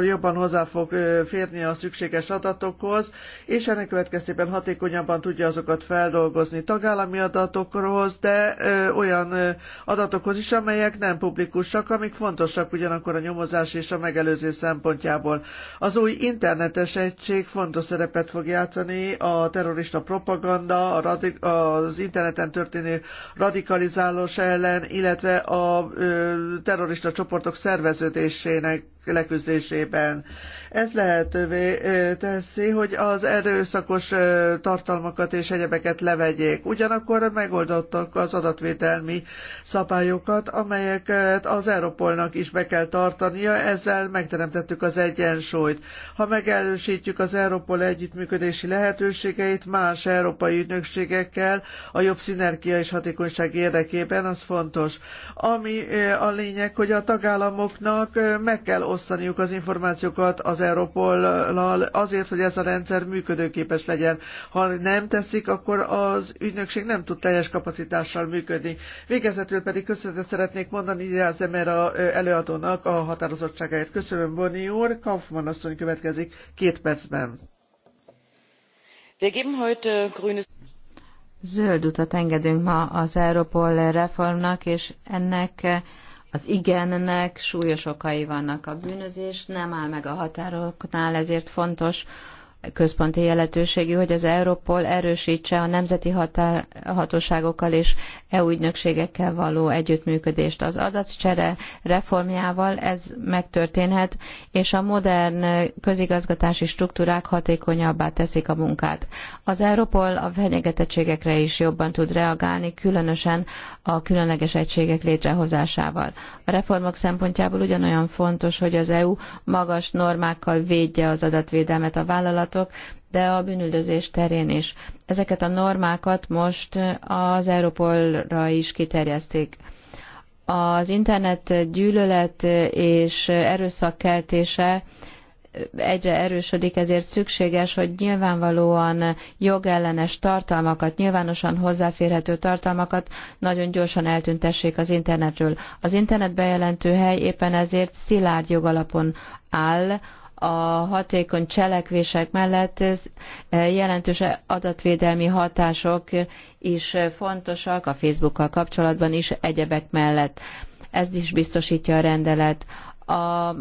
jobban hozzá fog férni a szükséges adatokhoz, és ennek következtében hatékonyabban tudja azokat feldolgozni tagállami adatokhoz, de olyan adatokhoz is, amelyek nem publikusak, amik fontosak ugyanakkor a nyomozás és a megelőzés szempontjából. Az új internetes egység fontos szerepet fog játszani a terrorista propaganda, a az interneten történő radikalizálás ellen, illetve a terrorista csoportok szerveződésének leküzdésében. Ez lehetővé teszi, hogy az erőszakos tartalmakat és egyebeket levegyék. Ugyanakkor megoldottak az adatvételmi szabályokat, amelyeket az Europolnak is be kell tartania, ezzel megteremtettük az egyensúlyt. Ha megerősítjük az Europol együttműködési lehetőségeit más európai ügynökségekkel, a jobb szinergia és hatékonyság érdekében, az fontos. Ami a lényeg, hogy a tagállamoknak meg kell osztani megosztaniuk az információkat az Europollal azért, hogy ez a rendszer működőképes legyen. Ha nem teszik, akkor az ügynökség nem tud teljes kapacitással működni. Végezetül pedig köszönetet szeretnék mondani az a előadónak a határozottságáért. Köszönöm, Boni úr. Kaufmann asszony következik két percben. Zöld utat engedünk ma az Europol reformnak, és ennek az igennek súlyos okai vannak a bűnözés, nem áll meg a határoknál, ezért fontos, központi jelentőségű, hogy az Európol erősítse a nemzeti hatóságokkal és EU ügynökségekkel való együttműködést. Az adatcsere reformjával ez megtörténhet, és a modern közigazgatási struktúrák hatékonyabbá teszik a munkát. Az Európol a fenyegetettségekre is jobban tud reagálni, különösen a különleges egységek létrehozásával. A reformok szempontjából ugyanolyan fontos, hogy az EU magas normákkal védje az adatvédelmet a vállalat, gyakorlatok, de a bűnüldözés terén is. Ezeket a normákat most az Európolra is kiterjeszték. Az internet gyűlölet és erőszakkeltése egyre erősödik, ezért szükséges, hogy nyilvánvalóan jogellenes tartalmakat, nyilvánosan hozzáférhető tartalmakat nagyon gyorsan eltüntessék az internetről. Az internet bejelentő hely éppen ezért szilárd jogalapon áll, a hatékony cselekvések mellett e, jelentős adatvédelmi hatások is fontosak, a Facebookkal kapcsolatban is egyebek mellett. ez is biztosítja a rendelet. A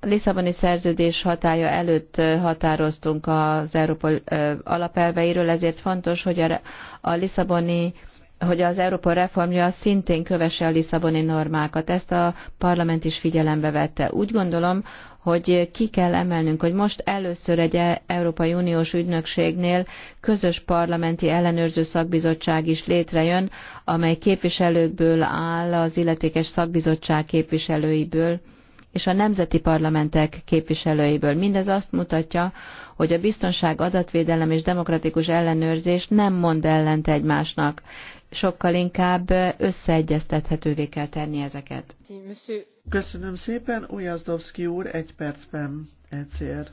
Lisszaboni szerződés hatája előtt határoztunk az Európa e, alapelveiről, ezért fontos, hogy a, a Lisszaboni hogy az Európa reformja szintén kövesse a Lisszaboni normákat. Ezt a parlament is figyelembe vette. Úgy gondolom, hogy ki kell emelnünk, hogy most először egy e- Európai Uniós ügynökségnél közös parlamenti ellenőrző szakbizottság is létrejön, amely képviselőkből áll, az illetékes szakbizottság képviselőiből és a nemzeti parlamentek képviselőiből. Mindez azt mutatja, hogy a biztonság, adatvédelem és demokratikus ellenőrzés nem mond ellent egymásnak sokkal inkább összeegyeztethetővé kell tenni ezeket. Köszönöm szépen, Ujazdowski úr, egy percben, egyszer.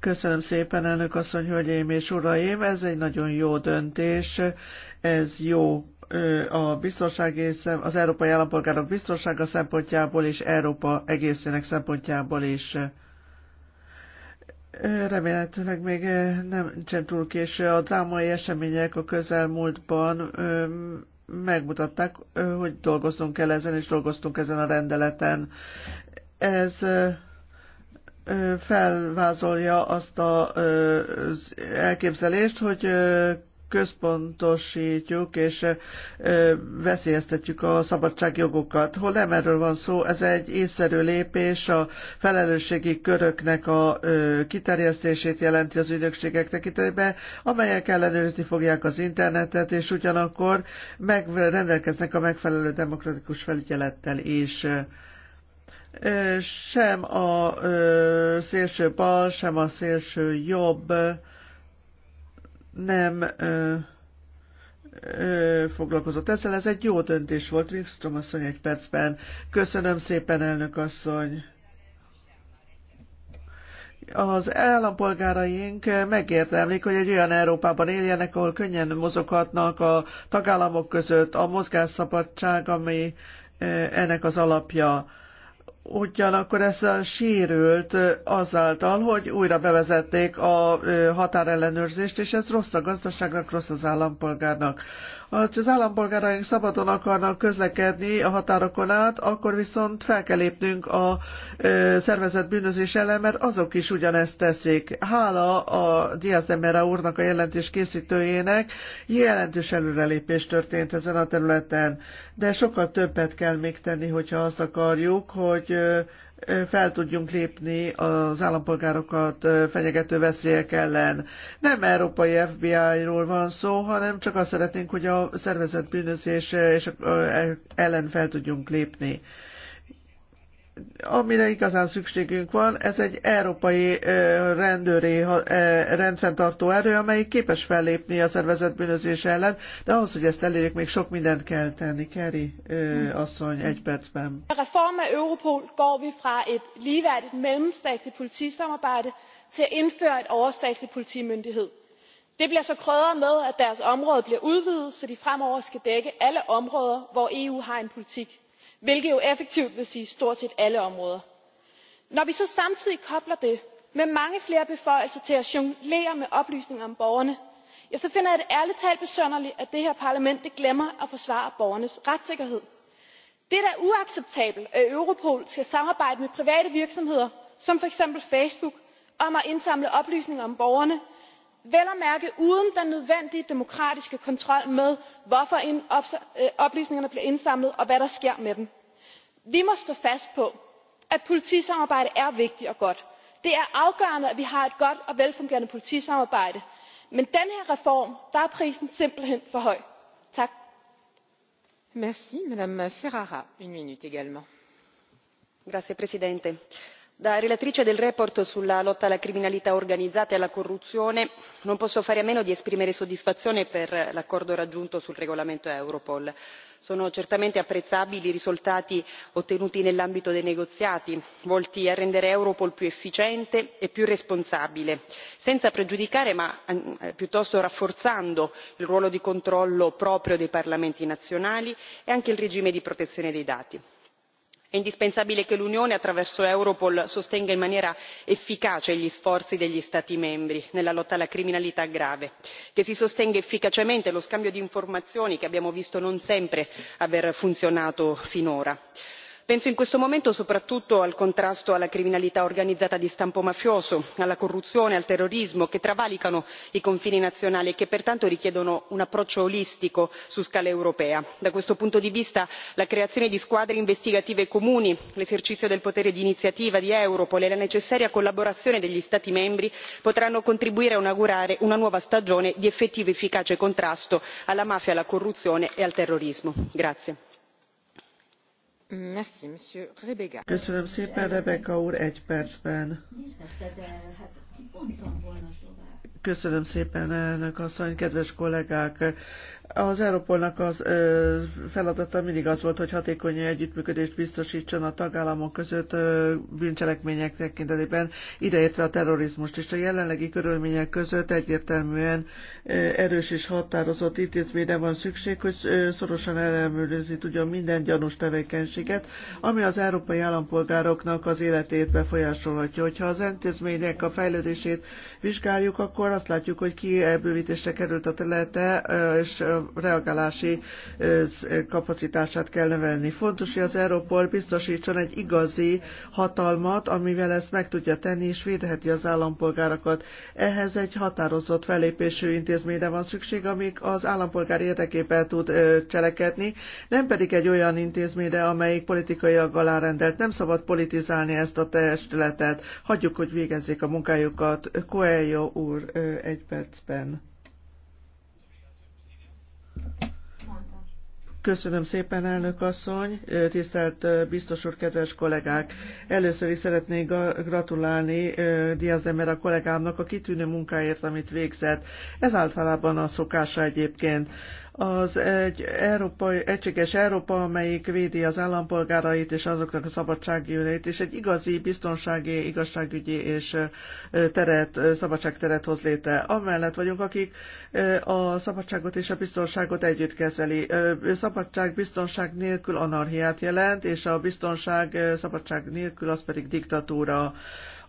Köszönöm szépen, elnök asszony, hölgyeim és uraim, ez egy nagyon jó döntés, ez jó a biztonsági, az európai állampolgárok biztonsága szempontjából és Európa egészének szempontjából is. Remélhetőleg még eh, nem túl késő. A drámai események a közelmúltban megmutatták, hogy dolgoztunk kell ezen, és dolgoztunk ezen a rendeleten. Ez felvázolja azt az elképzelést, hogy központosítjuk és veszélyeztetjük a szabadságjogokat. Hol nem erről van szó, ez egy észszerű lépés, a felelősségi köröknek a kiterjesztését jelenti az ügynökségek tekintetében, amelyek ellenőrizni fogják az internetet, és ugyanakkor meg, rendelkeznek a megfelelő demokratikus felügyelettel is sem a szélső bal, sem a szélső jobb nem ö, ö, foglalkozott ezzel. Ez egy jó döntés volt, Wikström asszony egy percben. Köszönöm szépen, elnök asszony! az állampolgáraink megérdemlik, hogy egy olyan Európában éljenek, ahol könnyen mozoghatnak a tagállamok között, a mozgásszabadság, ami ennek az alapja ugyanakkor ez sérült azáltal, hogy újra bevezették a határellenőrzést, és ez rossz a gazdaságnak, rossz az állampolgárnak. Ha az állampolgáraink szabadon akarnak közlekedni a határokon át, akkor viszont fel kell lépnünk a szervezett bűnözés ellen, mert azok is ugyanezt teszik. Hála a Diaz de Mera úrnak a jelentés készítőjének jelentős előrelépés történt ezen a területen, de sokkal többet kell még tenni, hogyha azt akarjuk, hogy fel tudjunk lépni az állampolgárokat fenyegető veszélyek ellen. Nem európai FBI-ról van szó, hanem csak azt szeretnénk, hogy a szervezett bűnözés ellen fel tudjunk lépni amire igazán szükségünk van, ez egy európai rendőri, rendfenntartó erő, amelyik képes fellépni a szervezett bűnözés ellen, de ahhoz, hogy ezt elérjük, még sok mindent kell tenni. Keri hmm. asszony, egy percben. A reform af Europol går vi fra et ligeværdigt mellemstatsligt politisamarbejde til at indføre et overstatsligt politimyndighed. Det bliver så krydret med, at deres område bliver udvidet, så de fremover skal dække alle områder, hvor EU har en politik hvilket jo er effektivt vil sige stort set alle områder når vi så samtidig kobler det med mange flere beføjelser til at jonglere med oplysninger om borgerne så finder jeg det ærlig talt besynderligt at det her parlament glemmer at forsvare borgernes retssikkerhed det er da uacceptabelt at europol skal samarbejde med private virksomheder som for eksempel facebook om at indsamle oplysninger om borgerne vel demokratiske kontrol med hvorfor øh, oplysningerne bliver indsamlet og hvad der sker med dem vi må stå fast på at politisamarbejde er vigtigt og godt det er afgørende at vi har et godt og velfungerende politisamarbejde men er prisen simpelt hen for høj tak señora presidenta da relatrice della relazione sulla lotta alla criminalità organizzata e alla corruzione non posso fare a meno di esprimere soddisfazione per l'accordo raggiunto sul regolamento europol. sono certamente apprezzabili i risultati ottenuti nell'ambito dei negoziati volti a rendere europol più efficiente e più responsabile senza pregiudicare ma eh, piuttosto rafforzando il ruolo di controllo proprio dei parlamenti nazionali e anche il regime di protezione dei dati è indispensabile che l'unione attraverso europol sostenga in maniera efficace gli sforzi degli stati membri nella lotta alla criminalità grave che si sostenga efficacemente lo scambio di informazioni che abbiamo visto non sempre aver funzionato finora penso in questo momento soprattutto al contrasto alla criminalità organizzata di stampo mafioso alla corruzione e al terrorismo che travalicano i confini nazionali e che pertanto richiedono un approccio olistico su scala europea. da questo punto di vista la creazione di squadre investigative comuni l'esercizio del potere di iniziativa di europol e la necessaria collaborazione degli stati membri potranno contribuire a inaugurare una nuova stagione di effettivo ed efficace contrasto alla mafia alla corruzione e al terrorismo. Köszönöm szépen, Rebeka úr, egy percben. Köszönöm szépen, elnök asszony, kedves kollégák! Az Európolnak az ö, feladata mindig az volt, hogy hatékony együttműködést biztosítson a tagállamok között ö, bűncselekmények tekintetében, ideértve a terrorizmust is. A jelenlegi körülmények között egyértelműen ö, erős és határozott intézményre van szükség, hogy ö, szorosan ellenőrizni tudjon minden gyanús tevékenységet, ami az európai állampolgároknak az életét befolyásolhatja. Hogyha az intézmények a fejlődését vizsgáljuk, akkor azt látjuk, hogy kiebővítésre került a területe, ö, és reagálási kapacitását kell növelni. Fontos, hogy az Európol biztosítson egy igazi hatalmat, amivel ezt meg tudja tenni, és védheti az állampolgárokat. Ehhez egy határozott felépésű intézményre van szükség, amik az állampolgár érdekében tud cselekedni, nem pedig egy olyan intézményre, amelyik politikailag alárendelt. Nem szabad politizálni ezt a testületet. Hagyjuk, hogy végezzék a munkájukat. Coelho úr, egy percben. Köszönöm szépen, elnök asszony, tisztelt biztos úr, kedves kollégák! Először is szeretnék gratulálni Diaz de kollégámnak a kitűnő munkáért, amit végzett. Ez általában a szokása egyébként az egy európai, egységes Európa, amelyik védi az állampolgárait és azoknak a szabadságjövőjét, és egy igazi biztonsági, igazságügyi és teret, szabadságteret hoz létre. Amellett vagyunk, akik a szabadságot és a biztonságot együtt kezeli. Szabadság biztonság nélkül anarhiát jelent, és a biztonság szabadság nélkül az pedig diktatúra.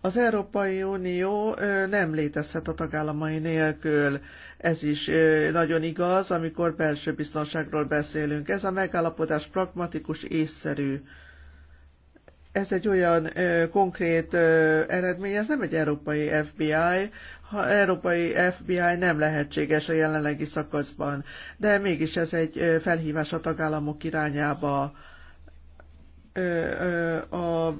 Az Európai Unió nem létezhet a tagállamai nélkül. Ez is nagyon igaz, amikor belső biztonságról beszélünk. Ez a megállapodás pragmatikus, észszerű ez egy olyan ö, konkrét ö, eredmény, ez nem egy európai FBI, ha európai FBI nem lehetséges a jelenlegi szakaszban, de mégis ez egy ö, felhívás a tagállamok irányába a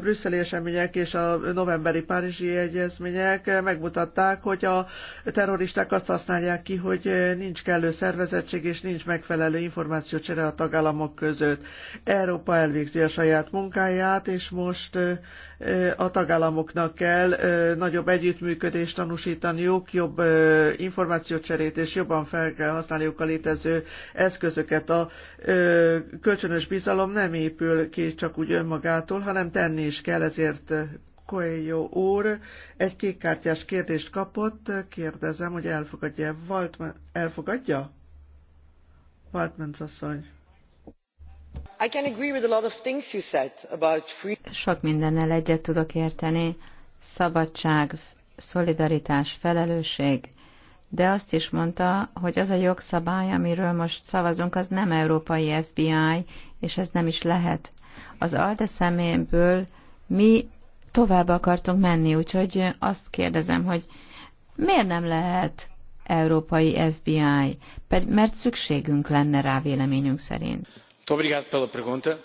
brüsszeli események és a novemberi párizsi egyezmények megmutatták, hogy a terroristák azt használják ki, hogy nincs kellő szervezettség és nincs megfelelő információcsere a tagállamok között. Európa elvégzi a saját munkáját, és most a tagállamoknak kell nagyobb együttműködést tanúsítaniuk, jobb információcserét és jobban fel kell használniuk a létező eszközöket. A kölcsönös bizalom nem épül ki csak úgy önmagától, hanem tenni is kell, ezért Coelho úr egy kékkártyás kérdést kapott. Kérdezem, hogy elfogadja. Valtman, elfogadja? Valtmanc asszony. Sok mindennel egyet tudok érteni. Szabadság, szolidaritás, felelősség. De azt is mondta, hogy az a jogszabály, amiről most szavazunk, az nem európai FBI, és ez nem is lehet. Az ALDE szeméből mi tovább akartunk menni, úgyhogy azt kérdezem, hogy miért nem lehet európai FBI? Pedig mert szükségünk lenne rá véleményünk szerint obrigado pela pergunta.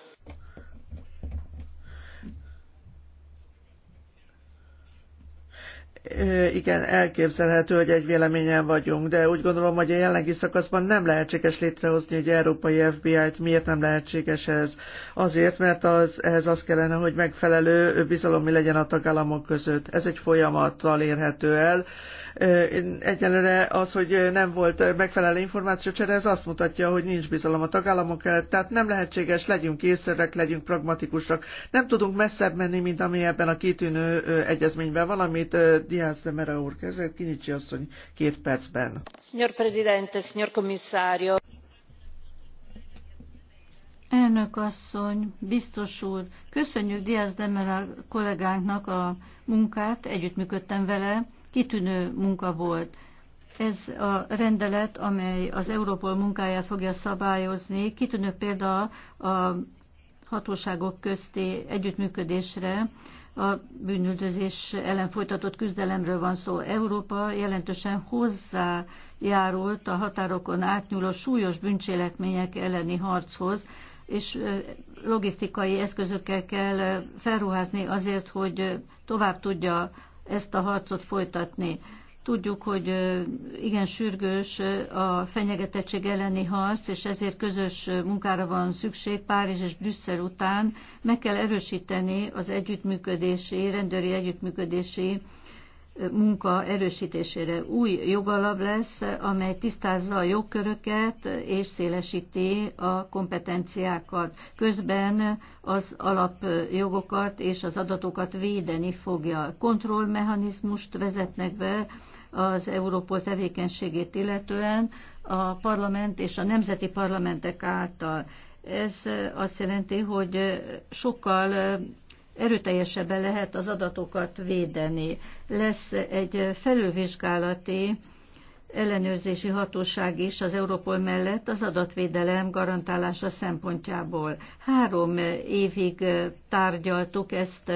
igen, elképzelhető, hogy egy véleményen vagyunk, de úgy gondolom, hogy a jelenlegi szakaszban nem lehetséges létrehozni egy európai FBI-t. Miért nem lehetséges ez? Azért, mert az, ehhez az kellene, hogy megfelelő mi legyen a tagállamok között. Ez egy folyamattal érhető el. Egyelőre az, hogy nem volt megfelelő csere, ez azt mutatja, hogy nincs bizalom a tagállamok előtt, tehát nem lehetséges, legyünk észrevek, legyünk pragmatikusak. Nem tudunk messzebb menni, mint ami ebben a kitűnő egyezményben van, amit Diaz de Mera két percben. Signor Presidente, signor Commissario. Elnök asszony, biztos úr, köszönjük díaz de Mera kollégánknak a munkát, együttműködtem vele, kitűnő munka volt. Ez a rendelet, amely az europol munkáját fogja szabályozni, kitűnő példa a hatóságok közti együttműködésre a bűnüldözés ellen folytatott küzdelemről van szó. Európa jelentősen hozzájárult a határokon átnyúló súlyos bűncselekmények elleni harchoz, és logisztikai eszközökkel kell felruházni azért, hogy tovább tudja ezt a harcot folytatni. Tudjuk, hogy igen sürgős a fenyegetettség elleni harc, és ezért közös munkára van szükség Párizs és Brüsszel után. Meg kell erősíteni az együttműködési, rendőri együttműködési munka erősítésére. Új jogalap lesz, amely tisztázza a jogköröket és szélesíti a kompetenciákat. Közben az alapjogokat és az adatokat védeni fogja. Kontrollmechanizmust vezetnek be az Európol tevékenységét illetően a parlament és a nemzeti parlamentek által. Ez azt jelenti, hogy sokkal erőteljesebben lehet az adatokat védeni. Lesz egy felülvizsgálati ellenőrzési hatóság is az Európol mellett az adatvédelem garantálása szempontjából. Három évig tárgyaltuk ezt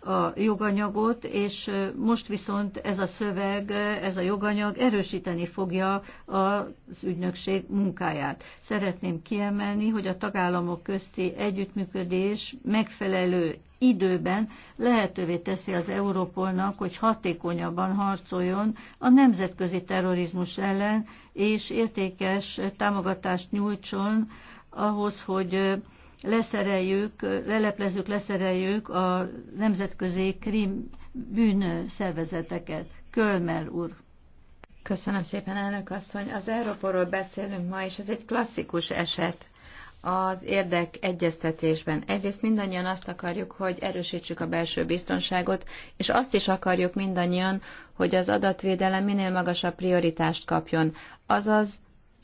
a joganyagot, és most viszont ez a szöveg, ez a joganyag erősíteni fogja az ügynökség munkáját. Szeretném kiemelni, hogy a tagállamok közti együttműködés megfelelő időben lehetővé teszi az Európolnak, hogy hatékonyabban harcoljon a nemzetközi terrorizmus ellen, és értékes támogatást nyújtson ahhoz, hogy leszereljük, leleplezzük, leszereljük a nemzetközi krim bűn szervezeteket. Kölmel úr. Köszönöm szépen, elnök asszony. Az Európorról beszélünk ma, és ez egy klasszikus eset az érdek egyeztetésben. Egyrészt mindannyian azt akarjuk, hogy erősítsük a belső biztonságot, és azt is akarjuk mindannyian, hogy az adatvédelem minél magasabb prioritást kapjon. Azaz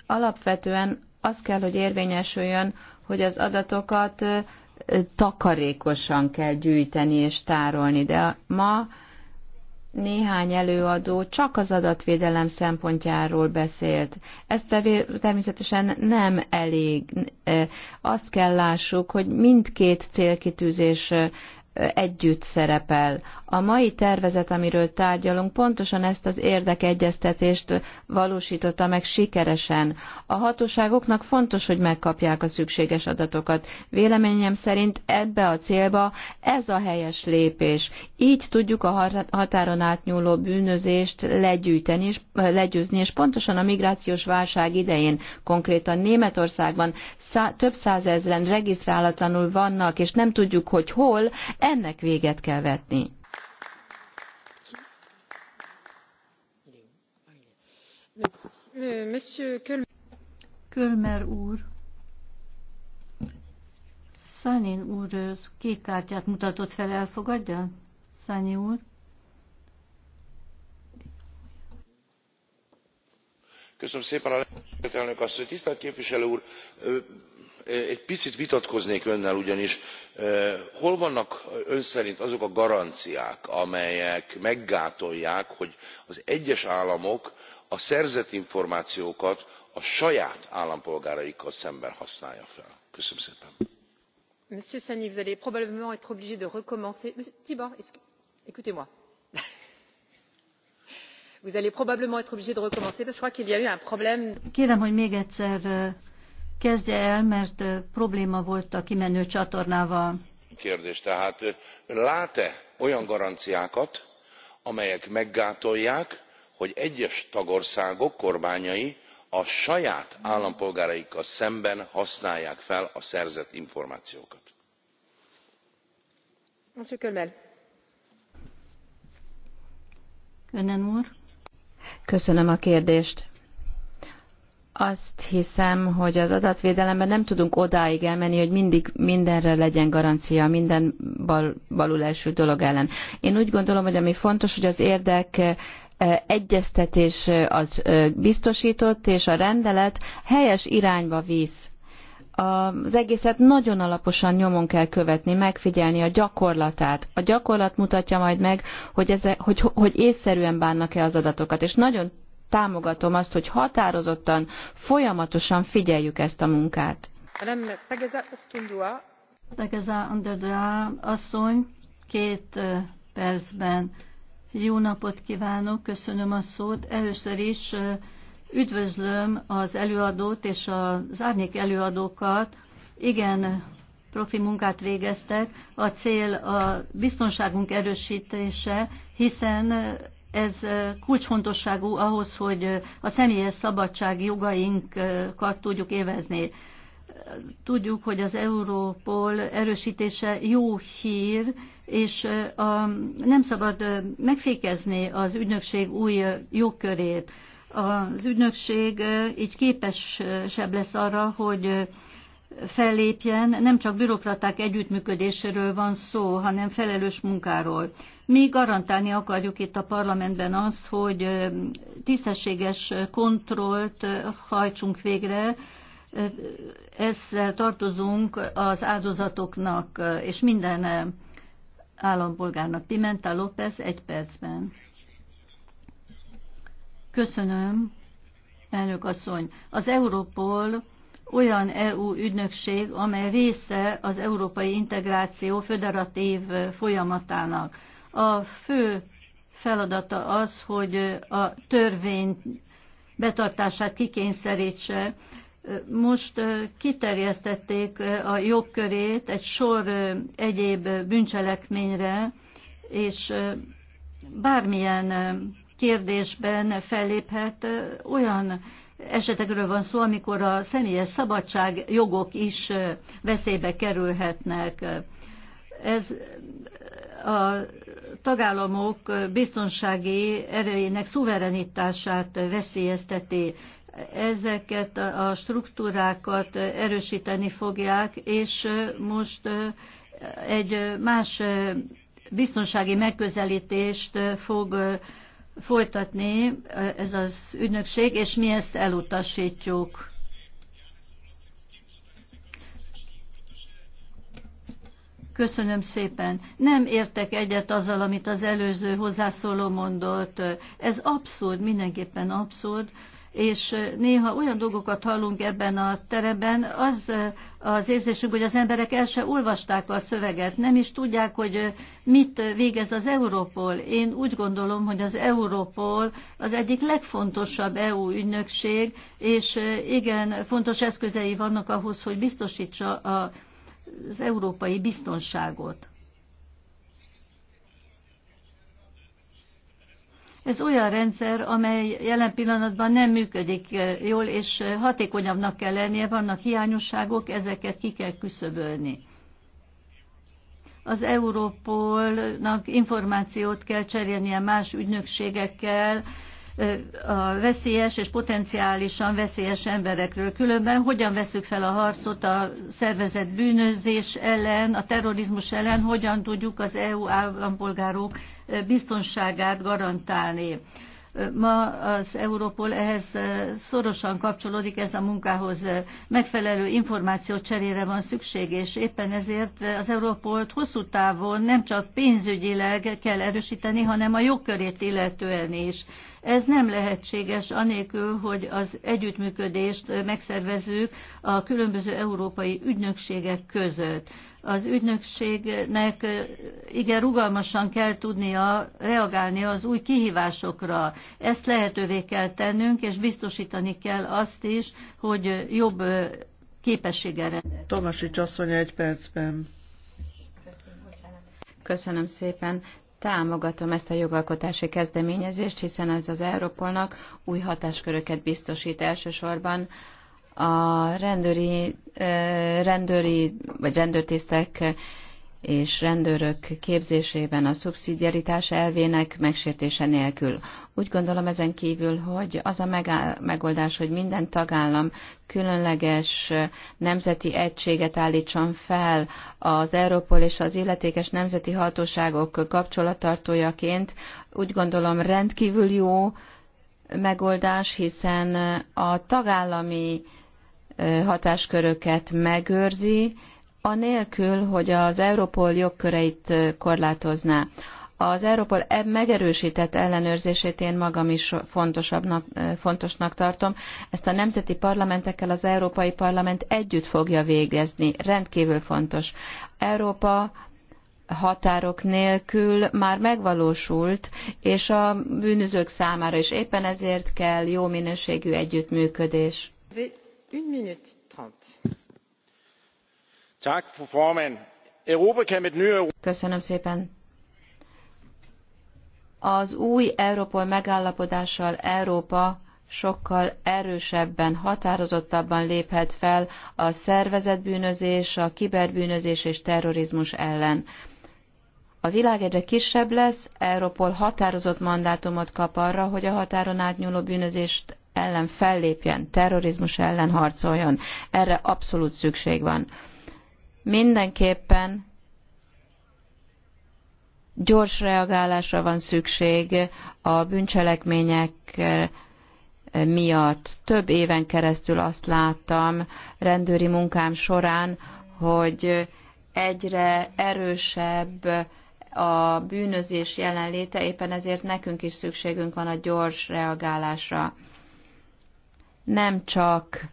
alapvetően az kell, hogy érvényesüljön, hogy az adatokat takarékosan kell gyűjteni és tárolni, de ma néhány előadó csak az adatvédelem szempontjáról beszélt. Ez természetesen nem elég. Azt kell lássuk, hogy mindkét célkitűzés együtt szerepel. A mai tervezet, amiről tárgyalunk, pontosan ezt az érdekegyeztetést valósította meg sikeresen. A hatóságoknak fontos, hogy megkapják a szükséges adatokat. Véleményem szerint ebbe a célba ez a helyes lépés. Így tudjuk a határon átnyúló bűnözést legyűjteni és legyőzni, és pontosan a migrációs válság idején, konkrétan Németországban szá- több százezren regisztrálatlanul vannak, és nem tudjuk, hogy hol, ennek véget kell vetni. Kölmer úr. Szanin úr két kártyát mutatott fel, elfogadja? Szanyi úr. Köszönöm szépen a lehetőséget, elnök asszony. Tisztelt képviselő úr, egy picit vitatkoznék önnel ugyanis hol vannak ön szerint azok a garanciák amelyek meggátolják hogy az egyes államok a szerzett információkat a saját állampolgáraikkal szemben használják fel? köszönöm szépen! monsieur vous allez probablement être obligé de recommencer. tibor écoutez moi vous allez probablement être obligé de recommencer je crois qu'il y a eu un problème. kérem hogy még egyszer kezdje el, mert probléma volt a kimenő csatornával. Kérdés, tehát ön lát-e olyan garanciákat, amelyek meggátolják, hogy egyes tagországok kormányai a saját állampolgáraikkal szemben használják fel a szerzett információkat? Köszönöm a kérdést. Azt hiszem, hogy az adatvédelemben nem tudunk odáig elmenni, hogy mindig mindenre legyen garancia, minden bal, balul első dolog ellen. Én úgy gondolom, hogy ami fontos, hogy az érdek eh, egyeztetés eh, az eh, biztosított, és a rendelet helyes irányba visz az egészet nagyon alaposan nyomon kell követni, megfigyelni a gyakorlatát. A gyakorlat mutatja majd meg, hogy, ez, hogy, hogy észszerűen bánnak-e az adatokat, és nagyon támogatom azt, hogy határozottan, folyamatosan figyeljük ezt a munkát. Tegeza Anderdea asszony, két percben. Jó napot kívánok, köszönöm a szót. Először is üdvözlöm az előadót és az árnyék előadókat. Igen, profi munkát végeztek. A cél a biztonságunk erősítése, hiszen ez kulcsfontosságú ahhoz, hogy a személyes szabadság jogainkat tudjuk évezni. Tudjuk, hogy az Európol erősítése jó hír, és a, nem szabad megfékezni az ügynökség új jogkörét. Az ügynökség így képesebb lesz arra, hogy fellépjen, nem csak bürokraták együttműködéséről van szó, hanem felelős munkáról. Mi garantálni akarjuk itt a parlamentben azt, hogy tisztességes kontrollt hajtsunk végre, ezzel tartozunk az áldozatoknak és minden állampolgárnak. Pimenta López egy percben. Köszönöm, elnök asszony. Az Európol olyan EU ügynökség, amely része az európai integráció föderatív folyamatának a fő feladata az, hogy a törvény betartását kikényszerítse. Most kiterjesztették a jogkörét egy sor egyéb bűncselekményre, és bármilyen kérdésben felléphet olyan esetekről van szó, amikor a személyes szabadság jogok is veszélybe kerülhetnek. Ez a tagállamok biztonsági erőjének szuverenitását veszélyezteti. Ezeket a struktúrákat erősíteni fogják, és most egy más biztonsági megközelítést fog folytatni ez az ügynökség, és mi ezt elutasítjuk. Köszönöm szépen. Nem értek egyet azzal, amit az előző hozzászóló mondott. Ez abszurd, mindenképpen abszurd és néha olyan dolgokat hallunk ebben a teremben, az az érzésünk, hogy az emberek el se olvasták a szöveget, nem is tudják, hogy mit végez az Európol. Én úgy gondolom, hogy az Európol az egyik legfontosabb EU ügynökség, és igen, fontos eszközei vannak ahhoz, hogy biztosítsa a az európai biztonságot. Ez olyan rendszer, amely jelen pillanatban nem működik jól, és hatékonyabbnak kell lennie, vannak hiányosságok, ezeket ki kell küszöbölni. Az Európolnak információt kell cserélnie más ügynökségekkel, a veszélyes és potenciálisan veszélyes emberekről. Különben hogyan veszük fel a harcot a szervezett bűnözés ellen, a terrorizmus ellen, hogyan tudjuk az EU állampolgárok biztonságát garantálni. Ma az Európol ehhez szorosan kapcsolódik, ez a munkához megfelelő információ cserére van szükség, és éppen ezért az Európolt hosszú távon nem csak pénzügyileg kell erősíteni, hanem a jogkörét illetően is. Ez nem lehetséges anélkül, hogy az együttműködést megszervezzük a különböző európai ügynökségek között az ügynökségnek igen rugalmasan kell tudnia reagálni az új kihívásokra. Ezt lehetővé kell tennünk, és biztosítani kell azt is, hogy jobb képessége rendelkezik. Tomasi Csasszony egy percben. Köszönöm szépen. Támogatom ezt a jogalkotási kezdeményezést, hiszen ez az Európolnak új hatásköröket biztosít elsősorban a rendőri, rendőri vagy rendőrtisztek és rendőrök képzésében a szubszidiaritás elvének megsértése nélkül. Úgy gondolom ezen kívül, hogy az a megoldás, hogy minden tagállam különleges nemzeti egységet állítson fel az Európol és az illetékes nemzeti hatóságok kapcsolattartójaként, úgy gondolom rendkívül jó megoldás, hiszen a tagállami hatásköröket megőrzi, anélkül, hogy az Európol jogköreit korlátozná. Az Európol e megerősített ellenőrzését én magam is fontosabbnak, fontosnak tartom. Ezt a nemzeti parlamentekkel az Európai Parlament együtt fogja végezni. Rendkívül fontos. Európa határok nélkül már megvalósult, és a bűnözők számára is éppen ezért kell jó minőségű együttműködés. Köszönöm szépen. Az új europol megállapodással Európa sokkal erősebben, határozottabban léphet fel a szervezetbűnözés, a kiberbűnözés és terrorizmus ellen. A világ egyre kisebb lesz, Európol határozott mandátumot kap arra, hogy a határon átnyúló bűnözést ellen fellépjen, terrorizmus ellen harcoljon. Erre abszolút szükség van. Mindenképpen gyors reagálásra van szükség a bűncselekmények eh, miatt. Több éven keresztül azt láttam rendőri munkám során, hogy egyre erősebb a bűnözés jelenléte, éppen ezért nekünk is szükségünk van a gyors reagálásra nem csak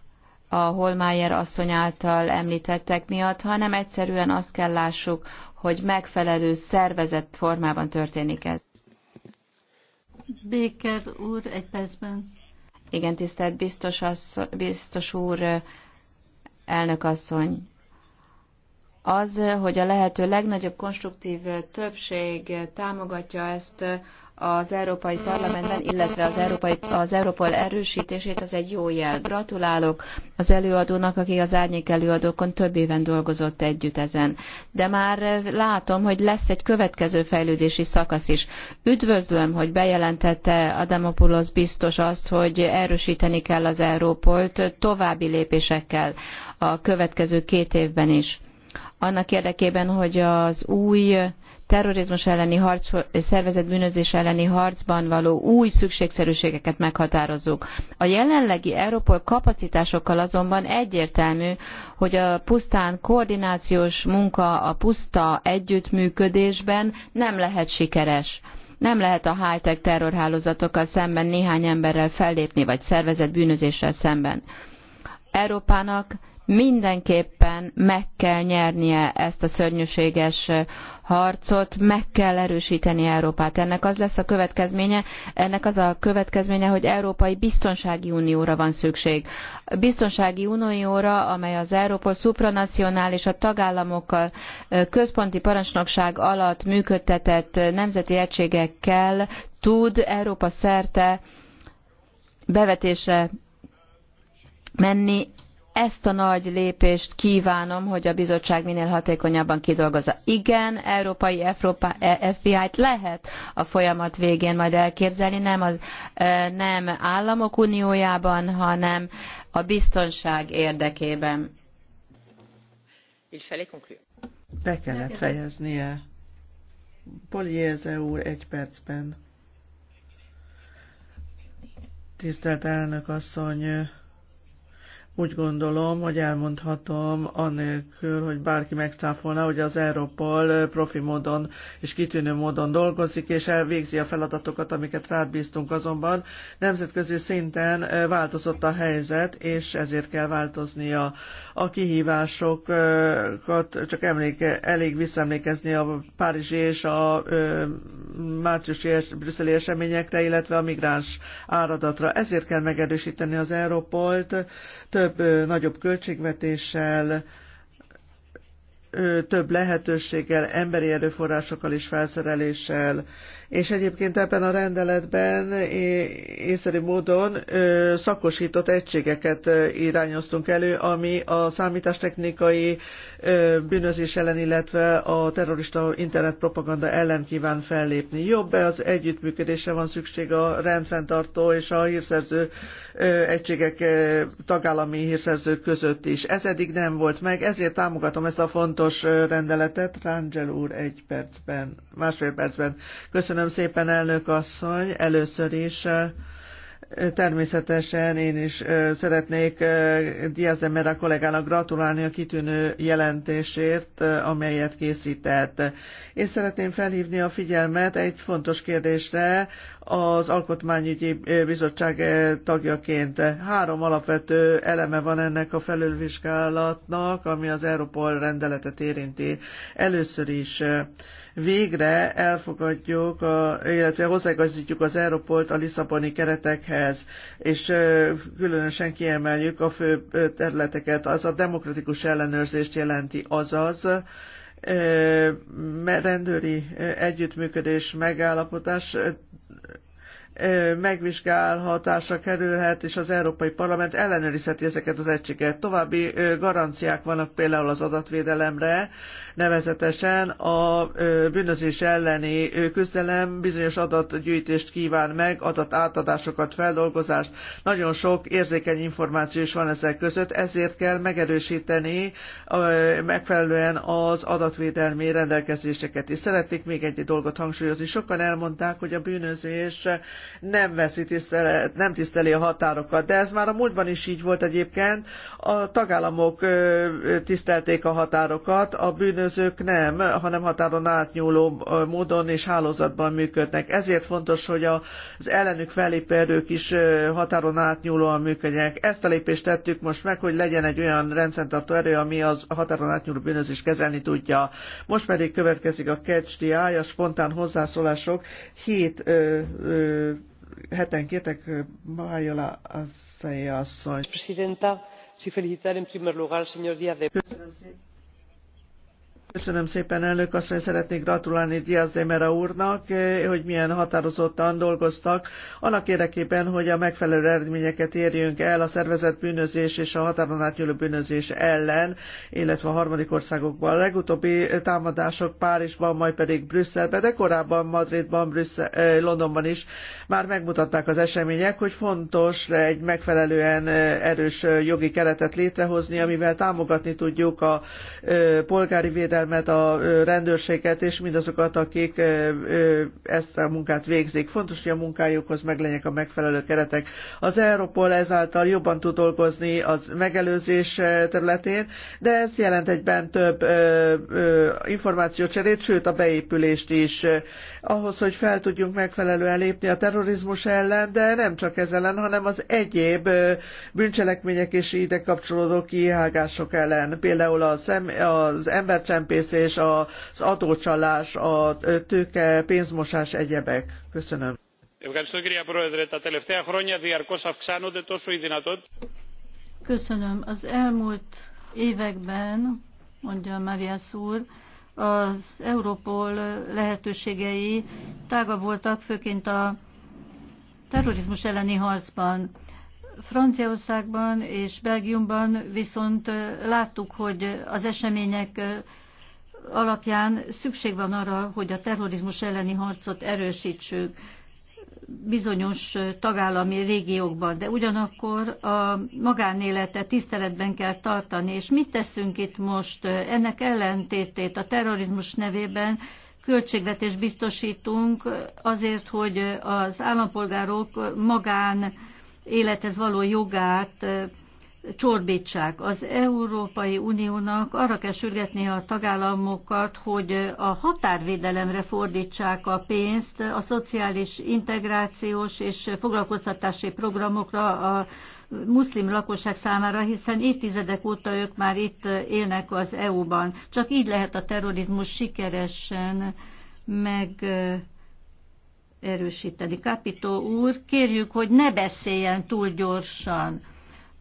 a Holmájer asszony által említettek miatt, hanem egyszerűen azt kell lássuk, hogy megfelelő szervezett formában történik ez. Béker úr, egy percben. Igen, tisztelt biztos, assz, biztos úr, elnök asszony. Az, hogy a lehető legnagyobb konstruktív többség támogatja ezt az Európai Parlamentben, illetve az, Európai, az Európol erősítését, az egy jó jel. Gratulálok az előadónak, aki az árnyék előadókon több éven dolgozott együtt ezen. De már látom, hogy lesz egy következő fejlődési szakasz is. Üdvözlöm, hogy bejelentette Adamopoulos biztos azt, hogy erősíteni kell az Európolt további lépésekkel a következő két évben is. Annak érdekében, hogy az új terrorizmus elleni harc, szervezett bűnözés elleni harcban való új szükségszerűségeket meghatározzuk. A jelenlegi Europol kapacitásokkal azonban egyértelmű, hogy a pusztán koordinációs munka a puszta együttműködésben nem lehet sikeres nem lehet a high-tech terrorhálózatokkal szemben néhány emberrel fellépni, vagy szervezett bűnözéssel szemben. Európának mindenképpen meg kell nyernie ezt a szörnyűséges harcot, meg kell erősíteni Európát. Ennek az lesz a következménye, ennek az a következménye, hogy Európai Biztonsági Unióra van szükség. Biztonsági Unióra, amely az Európa szupranacionális, a tagállamokkal központi parancsnokság alatt működtetett nemzeti egységekkel tud Európa szerte bevetésre menni ezt a nagy lépést kívánom, hogy a bizottság minél hatékonyabban kidolgozza. Igen, európai e, FBI-t lehet a folyamat végén majd elképzelni, nem, az, e, nem államok uniójában, hanem a biztonság érdekében. Be kellett fejeznie. Poliéze úr egy percben. Tisztelt elnök asszony, úgy gondolom, hogy elmondhatom, anélkül, hogy bárki megcáfolná, hogy az Európol profi módon és kitűnő módon dolgozik, és elvégzi a feladatokat, amiket rád bíztunk azonban. Nemzetközi szinten változott a helyzet, és ezért kell változnia. A kihívásokat csak emléke, elég visszaemlékezni a párizsi és a ö, márciusi és brüsszeli eseményekre, illetve a migráns áradatra. Ezért kell megerősíteni az Európolt, több nagyobb költségvetéssel, több lehetőséggel, emberi erőforrásokkal és felszereléssel és egyébként ebben a rendeletben észszerű módon szakosított egységeket irányoztunk elő, ami a számítástechnikai bűnözés ellen, illetve a terrorista internetpropaganda ellen kíván fellépni. Jobb az együttműködésre van szükség a rendfenntartó és a hírszerző egységek tagállami hírszerzők között is. Ez eddig nem volt meg, ezért támogatom ezt a fontos rendeletet. Rangel úr egy percben, másfél percben. Köszönöm Köszönöm szépen, elnök asszony. Először is természetesen én is szeretnék Diaz de Mera kollégának gratulálni a kitűnő jelentésért, amelyet készített. Én szeretném felhívni a figyelmet egy fontos kérdésre az Alkotmányügyi Bizottság tagjaként. Három alapvető eleme van ennek a felülvizsgálatnak, ami az Európol rendeletet érinti. Először is végre elfogadjuk, a, illetve hozzáigazítjuk az Európolt a Lisszaboni keretekhez, és különösen kiemeljük a fő területeket. Az a demokratikus ellenőrzést jelenti, azaz rendőri együttműködés megállapodás megvizsgálhatásra kerülhet, és az Európai Parlament ellenőrizheti ezeket az egységet. További garanciák vannak például az adatvédelemre, nevezetesen a bűnözés elleni küzdelem bizonyos adatgyűjtést kíván meg, adatátadásokat, feldolgozást. Nagyon sok érzékeny információ is van ezek között, ezért kell megerősíteni megfelelően az adatvédelmi rendelkezéseket. És szeretnék még egy dolgot hangsúlyozni. Sokan elmondták, hogy a bűnözés nem, veszi tisztelet, nem tiszteli a határokat. De ez már a múltban is így volt egyébként. A tagállamok tisztelték a határokat, a bűnözők nem, hanem határon átnyúló módon és hálózatban működnek. Ezért fontos, hogy az ellenük fellépő is határon átnyúlóan működjenek. Ezt a lépést tettük most meg, hogy legyen egy olyan rendfenntartó erő, ami az határon átnyúló bűnözést kezelni tudja. Most pedig következik a Catch the Eye, a spontán hozzászólások. Hét ö, ö, heten kértek Mahajola asszony. Köszönöm szépen. Köszönöm szépen, elnök asszony, szeretnék gratulálni Diaz de Mera úrnak, eh, hogy milyen határozottan dolgoztak, annak érdekében, hogy a megfelelő eredményeket érjünk el a szervezett bűnözés és a határon átnyúló bűnözés ellen, illetve a harmadik országokban. A legutóbbi eh, támadások Párizsban, majd pedig Brüsszelben, de korábban Madridban, Brüsszel, eh, Londonban is már megmutatták az események, hogy fontos egy megfelelően erős jogi keretet létrehozni, amivel támogatni tudjuk a polgári védelmet, figyelmet, a rendőrséget és mindazokat, akik ezt a munkát végzik. Fontos, hogy a munkájukhoz meglegyenek a megfelelő keretek. Az Europol ezáltal jobban tud dolgozni az megelőzés területén, de ez jelent egyben több információcserét, sőt a beépülést is ahhoz, hogy fel tudjunk megfelelően lépni a terrorizmus ellen, de nem csak ez ellen, hanem az egyéb bűncselekmények és ide kapcsolódó kihágások ellen. Például az, az embercsempészés, az adócsalás, a tőke, pénzmosás, egyebek. Köszönöm. Köszönöm. Az elmúlt években, mondja Marias úr, az Európol lehetőségei tága voltak, főként a terrorizmus elleni harcban. Franciaországban és Belgiumban viszont láttuk, hogy az események alapján szükség van arra, hogy a terrorizmus elleni harcot erősítsük bizonyos tagállami régiókban, de ugyanakkor a magánéletet tiszteletben kell tartani, és mit teszünk itt most? Ennek ellentétét a terrorizmus nevében költségvetés biztosítunk azért, hogy az állampolgárok magán élethez való jogát csorbítsák. Az Európai Uniónak arra kell sürgetni a tagállamokat, hogy a határvédelemre fordítsák a pénzt, a szociális integrációs és foglalkoztatási programokra a muszlim lakosság számára, hiszen évtizedek óta ők már itt élnek az EU-ban. Csak így lehet a terrorizmus sikeresen meg erősíteni. Kapitó úr, kérjük, hogy ne beszéljen túl gyorsan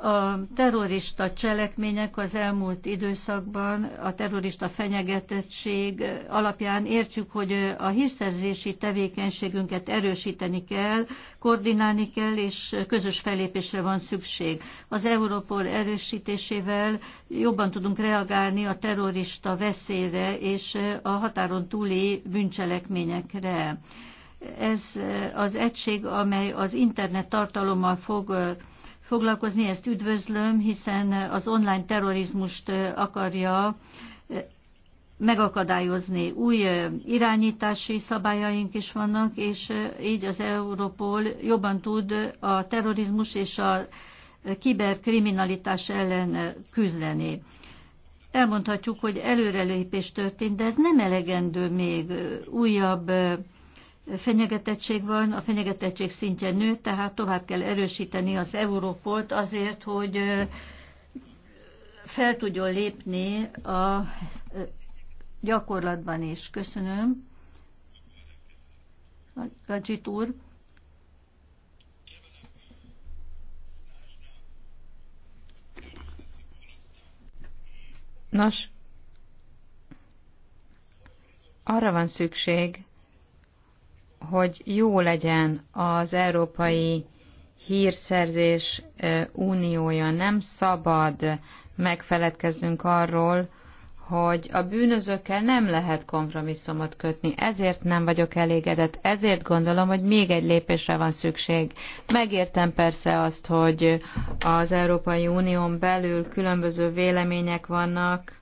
a terrorista cselekmények az elmúlt időszakban, a terrorista fenyegetettség alapján értjük, hogy a hírszerzési tevékenységünket erősíteni kell, koordinálni kell, és közös fellépésre van szükség. Az Európol erősítésével jobban tudunk reagálni a terrorista veszélyre és a határon túli bűncselekményekre. Ez az egység, amely az internet tartalommal fog foglalkozni, ezt üdvözlöm, hiszen az online terrorizmust akarja megakadályozni. Új irányítási szabályaink is vannak, és így az Europol jobban tud a terrorizmus és a kiberkriminalitás ellen küzdeni. Elmondhatjuk, hogy előrelépés történt, de ez nem elegendő még újabb fenyegetettség van, a fenyegetettség szintje nő, tehát tovább kell erősíteni az Európolt azért, hogy fel tudjon lépni a gyakorlatban is. Köszönöm. Gadzsit úr. Nos, arra van szükség, hogy jó legyen az európai hírszerzés uniója. Nem szabad megfeledkeznünk arról, hogy a bűnözőkkel nem lehet kompromisszumot kötni, ezért nem vagyok elégedett, ezért gondolom, hogy még egy lépésre van szükség. Megértem persze azt, hogy az Európai Unión belül különböző vélemények vannak,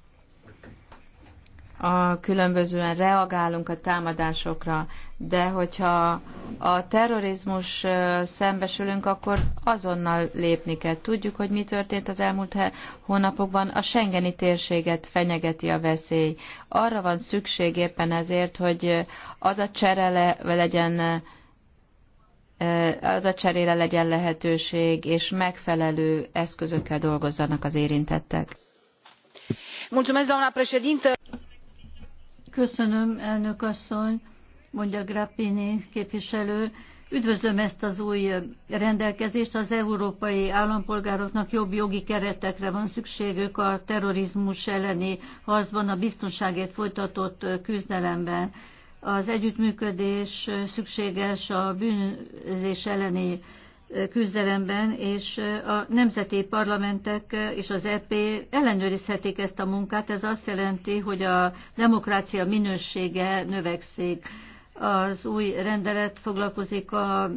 a különbözően reagálunk a támadásokra, de hogyha a terrorizmus szembesülünk, akkor azonnal lépni kell. Tudjuk, hogy mi történt az elmúlt hónapokban, a Schengeni térséget fenyegeti a veszély. Arra van szükség éppen ezért, hogy az a cserele legyen cserére legyen lehetőség, és megfelelő eszközökkel dolgozzanak az érintettek. Mulțumesc, doamna președintă. Köszönöm, elnök asszony, mondja Grappini képviselő. Üdvözlöm ezt az új rendelkezést. Az európai állampolgároknak jobb jogi keretekre van szükségük a terrorizmus elleni harcban, a biztonságért folytatott küzdelemben. Az együttműködés szükséges a bűnözés elleni küzdelemben, és a nemzeti parlamentek és az EP ellenőrizhetik ezt a munkát. Ez azt jelenti, hogy a demokrácia minősége növekszik. Az új rendelet foglalkozik az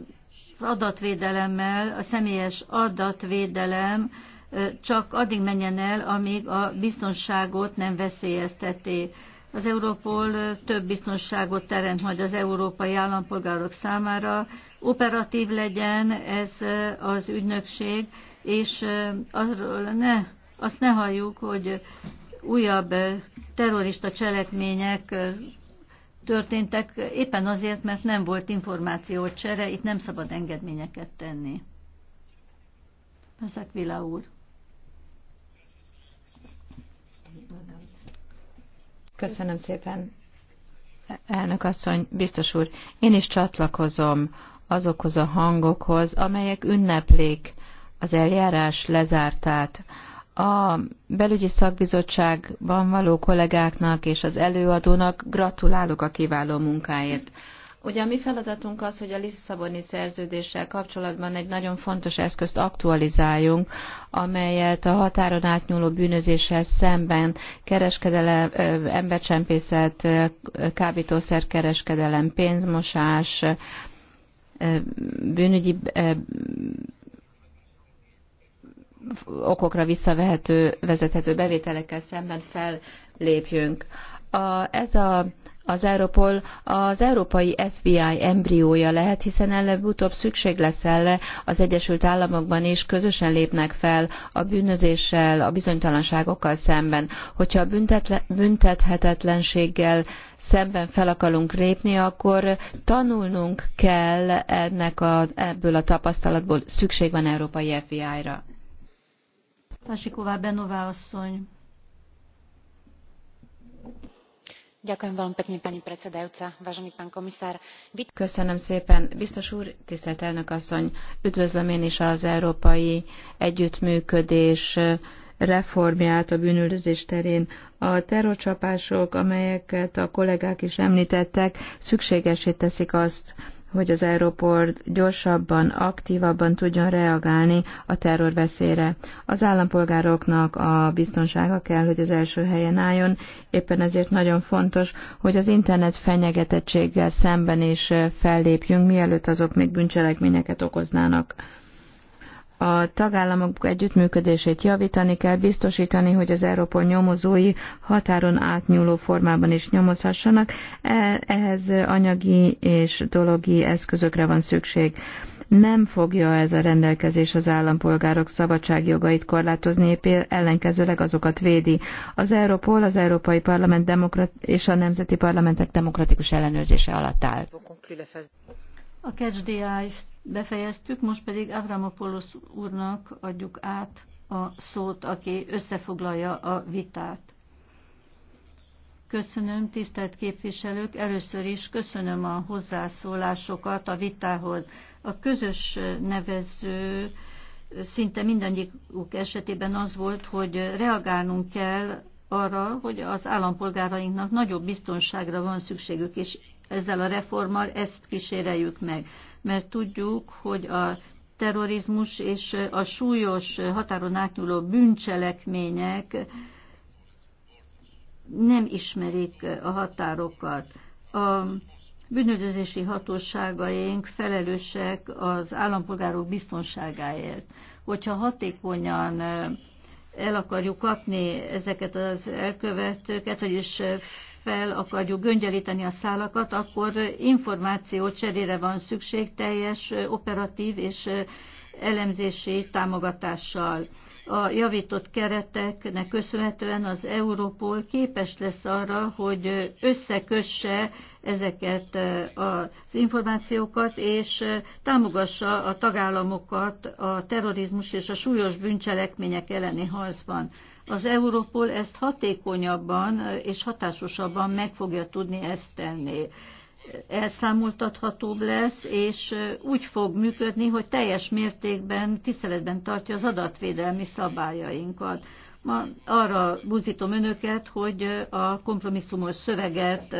adatvédelemmel, a személyes adatvédelem csak addig menjen el, amíg a biztonságot nem veszélyezteti az Európol több biztonságot teremt majd az európai állampolgárok számára. Operatív legyen ez az ügynökség, és azról ne, azt ne halljuk, hogy újabb terrorista cselekmények történtek, éppen azért, mert nem volt információ csere, itt nem szabad engedményeket tenni. Ezek Vila úr. Köszönöm szépen, elnök asszony, biztos úr. Én is csatlakozom azokhoz a hangokhoz, amelyek ünneplik az eljárás lezártát. A belügyi szakbizottságban való kollégáknak és az előadónak gratulálok a kiváló munkáért. Ugye a mi feladatunk az, hogy a Lisszaboni szerződéssel kapcsolatban egy nagyon fontos eszközt aktualizáljunk, amelyet a határon átnyúló bűnözéssel szemben kereskedelem, embercsempészet, kábítószerkereskedelem, pénzmosás, bűnügyi okokra visszavehető, vezethető bevételekkel szemben fellépjünk. A, ez a az Europol az európai FBI embriója lehet, hiszen előbb-utóbb szükség lesz erre, az Egyesült Államokban is közösen lépnek fel a bűnözéssel, a bizonytalanságokkal szemben. Hogyha a büntethetetlenséggel szemben fel akarunk lépni, akkor tanulnunk kell ennek a, ebből a tapasztalatból. Szükség van európai FBI-ra. Tasiková Benová asszony. Köszönöm szépen. Biztos úr, tisztelt elnök asszony, üdvözlöm én is az európai együttműködés reformját a bűnüldözés terén. A terrorcsapások, amelyeket a kollégák is említettek, szükségesé teszik azt, hogy az aeroport gyorsabban, aktívabban tudjon reagálni a terrorveszélyre. Az állampolgároknak a biztonsága kell, hogy az első helyen álljon, éppen ezért nagyon fontos, hogy az internet fenyegetettséggel szemben is fellépjünk, mielőtt azok még bűncselekményeket okoznának. A tagállamok együttműködését javítani kell, biztosítani, hogy az Európol nyomozói határon átnyúló formában is nyomozhassanak. E, ehhez anyagi és dologi eszközökre van szükség. Nem fogja ez a rendelkezés az állampolgárok szabadságjogait korlátozni, épp ellenkezőleg azokat védi. Az Európol, az Európai Parlament demokrat és a Nemzeti Parlamentek demokratikus ellenőrzése alatt áll. A eye. Befejeztük, most pedig Avramopoulos úrnak adjuk át a szót, aki összefoglalja a vitát. Köszönöm, tisztelt képviselők! Először is köszönöm a hozzászólásokat a vitához. A közös nevező szinte mindannyiuk esetében az volt, hogy reagálnunk kell arra, hogy az állampolgárainknak nagyobb biztonságra van szükségük, és ezzel a reformmal ezt kíséreljük meg mert tudjuk, hogy a terrorizmus és a súlyos határon átnyúló bűncselekmények nem ismerik a határokat. A bűnöldözési hatóságaink felelősek az állampolgárok biztonságáért. Hogyha hatékonyan eh, el akarjuk kapni ezeket az elkövetőket, vagyis fel akarjuk göngyelíteni a szálakat, akkor információ cserére van szükség teljes operatív és elemzési támogatással. A javított kereteknek köszönhetően az Európol képes lesz arra, hogy összekösse ezeket az információkat, és támogassa a tagállamokat a terrorizmus és a súlyos bűncselekmények elleni harcban. Az Európol ezt hatékonyabban és hatásosabban meg fogja tudni ezt tenni. Elszámoltathatóbb lesz, és úgy fog működni, hogy teljes mértékben tiszteletben tartja az adatvédelmi szabályainkat. Ma arra buzítom önöket, hogy a kompromisszumos szöveget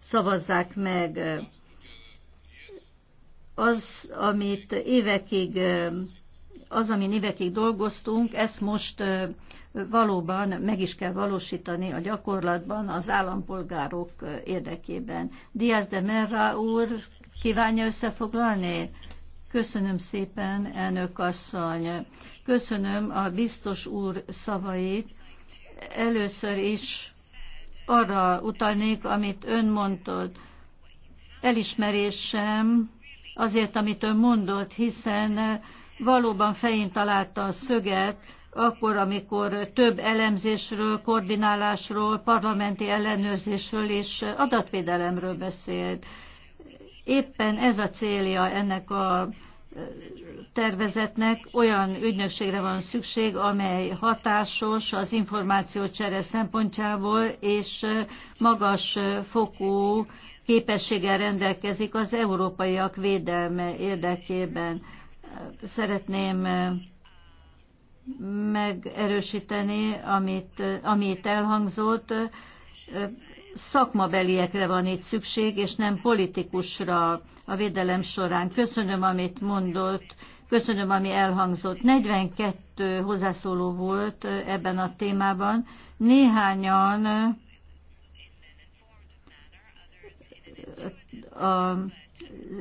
szavazzák meg. Az, amit évekig az, ami évekig dolgoztunk, ezt most valóban meg is kell valósítani a gyakorlatban az állampolgárok érdekében. Diaz de Merra úr kívánja összefoglalni? Köszönöm szépen, elnök asszony. Köszönöm a biztos úr szavait. Először is arra utalnék, amit ön mondott. Elismerésem azért, amit ön mondott, hiszen valóban fején találta a szöget, akkor, amikor több elemzésről, koordinálásról, parlamenti ellenőrzésről és adatvédelemről beszélt. Éppen ez a célja ennek a e, tervezetnek olyan ügynökségre van szükség, amely hatásos az információcsere szempontjából, és e, magas fokú képességgel rendelkezik az európaiak védelme érdekében szeretném megerősíteni, amit, amit elhangzott. Szakmabeliekre van itt szükség, és nem politikusra a védelem során. Köszönöm, amit mondott, köszönöm, ami elhangzott. 42 hozzászóló volt ebben a témában. Néhányan a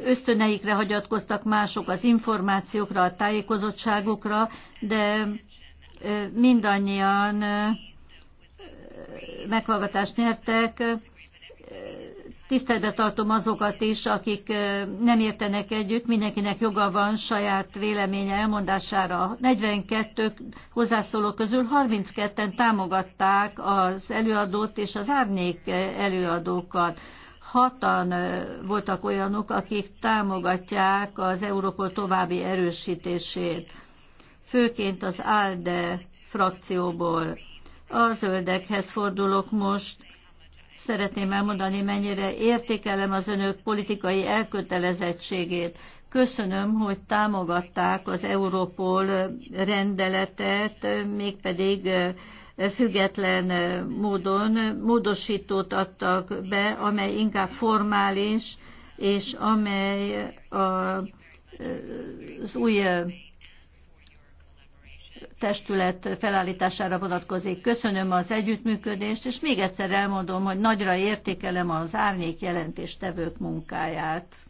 ösztöneikre hagyatkoztak mások, az információkra, a tájékozottságukra, de mindannyian meghallgatást nyertek. Tiszteletbe tartom azokat is, akik nem értenek együtt, mindenkinek joga van saját véleménye elmondására. 42 hozzászóló közül 32-en támogatták az előadót és az árnyék előadókat hatan voltak olyanok, akik támogatják az Európol további erősítését, főként az ALDE frakcióból. A zöldekhez fordulok most. Szeretném elmondani, mennyire értékelem az önök politikai elkötelezettségét. Köszönöm, hogy támogatták az Európol rendeletet, mégpedig független módon módosítót adtak be, amely inkább formális, és amely a, az új testület felállítására vonatkozik. Köszönöm az együttműködést, és még egyszer elmondom, hogy nagyra értékelem az árnyék jelentéstevők munkáját.